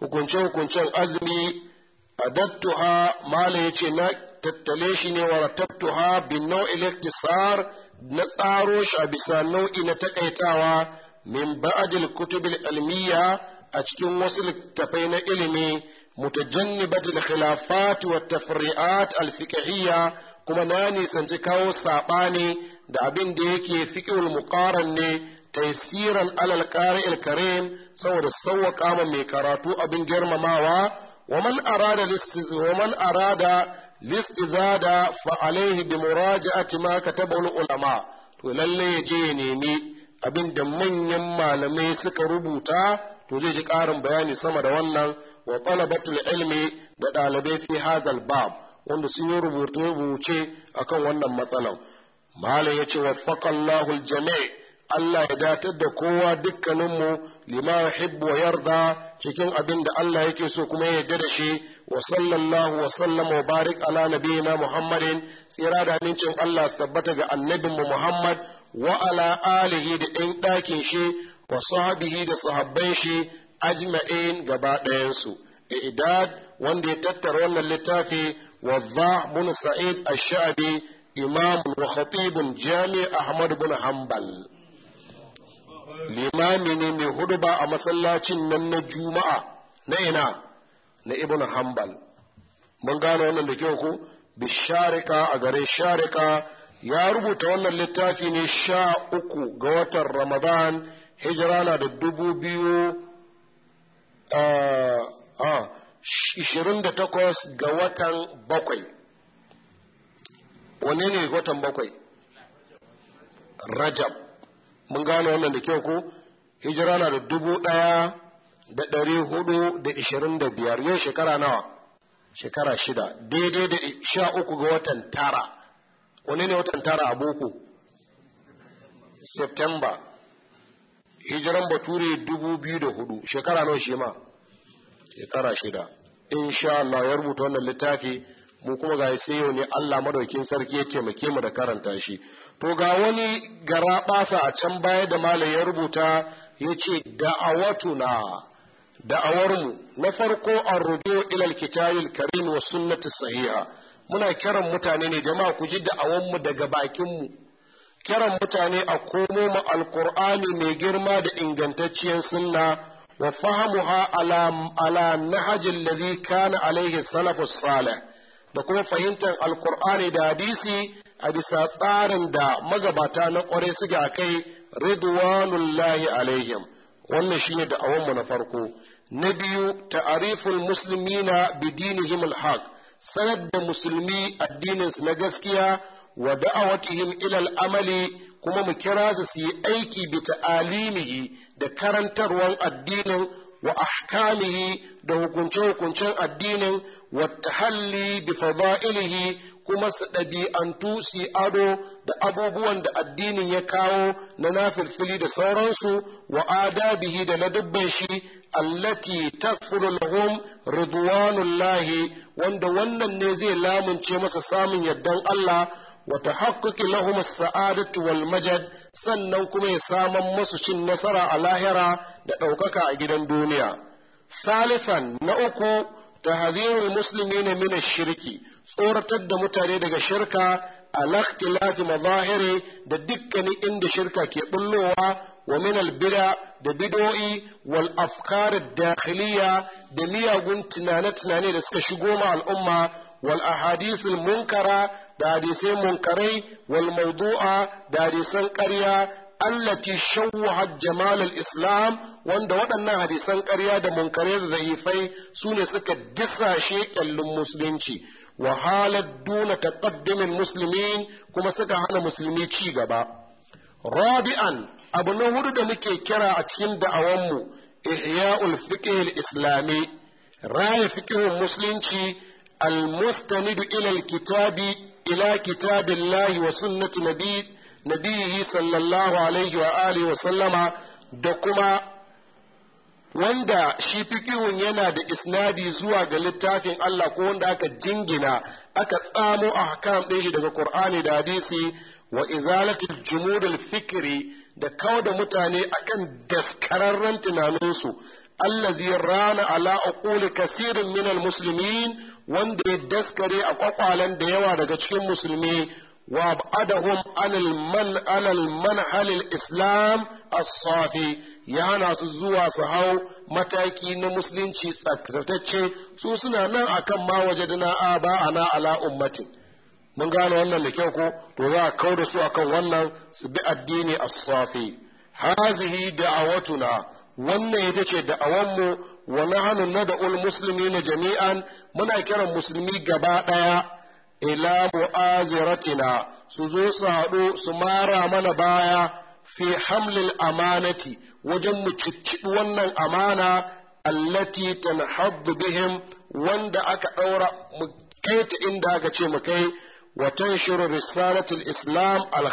hukunce-hukuncen azumi a dattuha mala ya ce na tattale shi ne waratattuha bin nau'il iktisar na tsaro shi a bisa nau'i na takaitawa min ba'adil kutubil ilmiya a cikin wasu littattafai na ilimi mutajannibatil khilafat wa tafri'at alfikahiyya. kuma na nisanci kawo saɓani da abin da yake fiqhul muqaran ne taisiran alal qari'il karim saboda sawwaka ma mai karatu abin girmamawa wa man arada listiz wa man arada listizada fa alaihi bi muraja'ati ma katabul ulama to lalle ya je ya nemi abin da manyan malamai suka rubuta to zai ji ƙarin bayani sama da wannan wa talabatul ilmi da ɗalibai fi hazal bab wanda sun yi rubuce-rubuce akan wannan matsalan malam ya ce waffaqallahu jami Allah ya datar da kowa dukkaninmu lima yuhibbu wa yarda cikin abin da Allah yake so kuma ya yarda da shi wa sallallahu wa sallama wa barik ala nabiyina Muhammadin tsira da amincin Allah tabbata ga annabinmu Muhammad wa ala alihi da ɗan ɗakin shi wa sahabihi da sahabban shi ajma'in gaba ɗayansu idad wanda ya tattara wannan littafi wa bin sa'id ash-sha'bi imam wa khatibun jami' ahmad bin hanbal limami ne mai hudu ba a masallacin nan na juma'a na ina na ibn hanbal mun gane wannan da kyau ko bisharika a garin sharika ya rubuta wannan littafi ne sha uku ga watan ramadan hijira na da dubu biyu ishirin da takwas ga watan bakwai wane ne watan bakwai rajab mun gane wannan da kyau ko hijira na da dubu ɗaya da ɗari hudu da ishirin da biyar yau shekara nawa shekara shida daidai da sha uku ga watan tara wani ne watan tara a boko september hijiran bature dubu biyu da hudu shekara nawa shi ma shekara shida insha Allah ya rubuta wannan littafi mu kuma ga sai yau ne Allah madaukin sarki ya taimake mu da karanta shi to ga wani gara basa a can baya da malam ya rubuta ya ce da'awatuna da'awarmu na farko an rudo ilal kitabil karim wa sunnati sahiha muna kiran mutane ne jama'a ku ji da'awanmu daga bakinmu kiran mutane a komo mu alkur'ani mai girma da ingantacciyar sunna wa fahamuha ala ala nahajin ladhi kana alaihi salafus salih da kuma fahimtar alkur'ani da hadisi a bisa tsarin da magabata na kwarai suke a kai ridwanullahi alaihim wannan shine da awonmu na farko na biyu ta'ariful muslimina bi dinihim alhaq sanar da musulmi addininsu na gaskiya wa da'awatihim ilal amali kuma mu kira su su yi aiki bi ta'alimihi da karantarwan addinin wa ahkamihi da hukunce-hukuncen addinin wa tahalli bi fada'ilihi kuma su ɗabi'antu su ado da abubuwan da addinin ya kawo na nafilfili da sauransu wa adabihi da ladubban shi allati takfuru lahum ridwanullahi wanda wannan ne zai lamunce masa samun yardan Allah wa tahaqqiqi lahum as-sa'adatu wal majad sannan kuma ya saman masu cin nasara a lahira da ɗaukaka a gidan duniya na uku نأكو musulmi na من shirki. tsoratar da mutane daga shirka a alaktilafi mazahiri da dukkanin inda shirka ke bullowa wa min albida da bido'i wal afkar dakhiliya da miyagun tunane-tunane da suka shigo ma al'umma wal ahadithul munkara da hadisai munkarai wal mawdu'a da hadisan ƙarya allati shawwahat jamal islam wanda waɗannan hadisan ƙarya da munkarai da zaifai su ne suka disashe ƙyallin musulunci wa halat ta taqaddumin muslimin kuma suka hana musulmi ci gaba rabi'an abu na hudu da muke kira a cikin da'awanmu ihya'ul fiqh islami raya fiƙihun musulunci al-mustanidu ila kitabi ila kitabillahi wa sunnati nabi nabiyyi sallallahu alaihi wa alihi wa sallama da kuma wanda shi fikihun yana da isnadi zuwa ga littafin Allah ko wanda aka jingina aka tsamo a hakam ɗin shi daga Kur'ani da hadisi wa izalatul jumudul fikri da kawo da mutane akan daskararren tunaninsu zai rana ala uquli kasirin minal muslimin wanda ya daskare a kwakwalen da yawa daga cikin musulmi wa adahum anil man manhalil islam as-safi ya hana su zuwa su hau mataki na musulunci tsakatacce su suna nan akan ma waje na a ba ana ala ummatin mun gane wannan da kyau ko to za a kau da su akan wannan su bi addini as-safi hazihi da'awatuna wannan ita ce da'awanmu wa nahnu nad'ul muslimina jami'an muna kiran musulmi gaba daya ila mu'aziratina su zo su haɗu su mara mana baya fi hamlil amanati wajen mu cicciɓi wannan amana allati tanhaddu bihim wanda aka ɗaura mu kai ta inda aka ce mu kai wa tanshiru risalatul islam al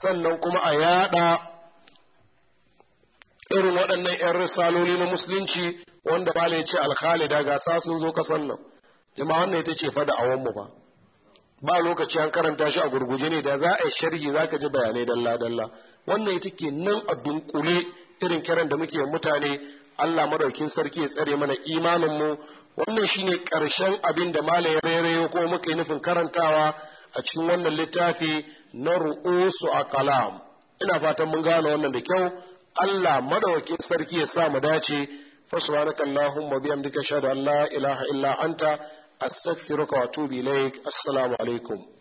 sannan kuma a yada irin waɗannan 'yan risaloli na musulunci wanda ba ya ce al ga sa sun zo kasan nan jama'a wannan ita ce fada awon mu ba ba lokaci an karanta shi a gurguje ne da za a yi sharhi za ka ji bayanai dalla dalla wannan ita ke nan a dunkule irin kiran da muke mutane Allah maraukin sarki ya tsare mana imaninmu mu wannan shine karshen abin da malam ya rairayo ko muka yi nufin karantawa a cikin wannan littafi na ru'usu a kalam ina fatan mun gane wannan da kyau Allah maraukin sarki ya sa mu dace fa subhanaka allahumma bihamdika shada illa anta astaghfiruka wa atubu assalamu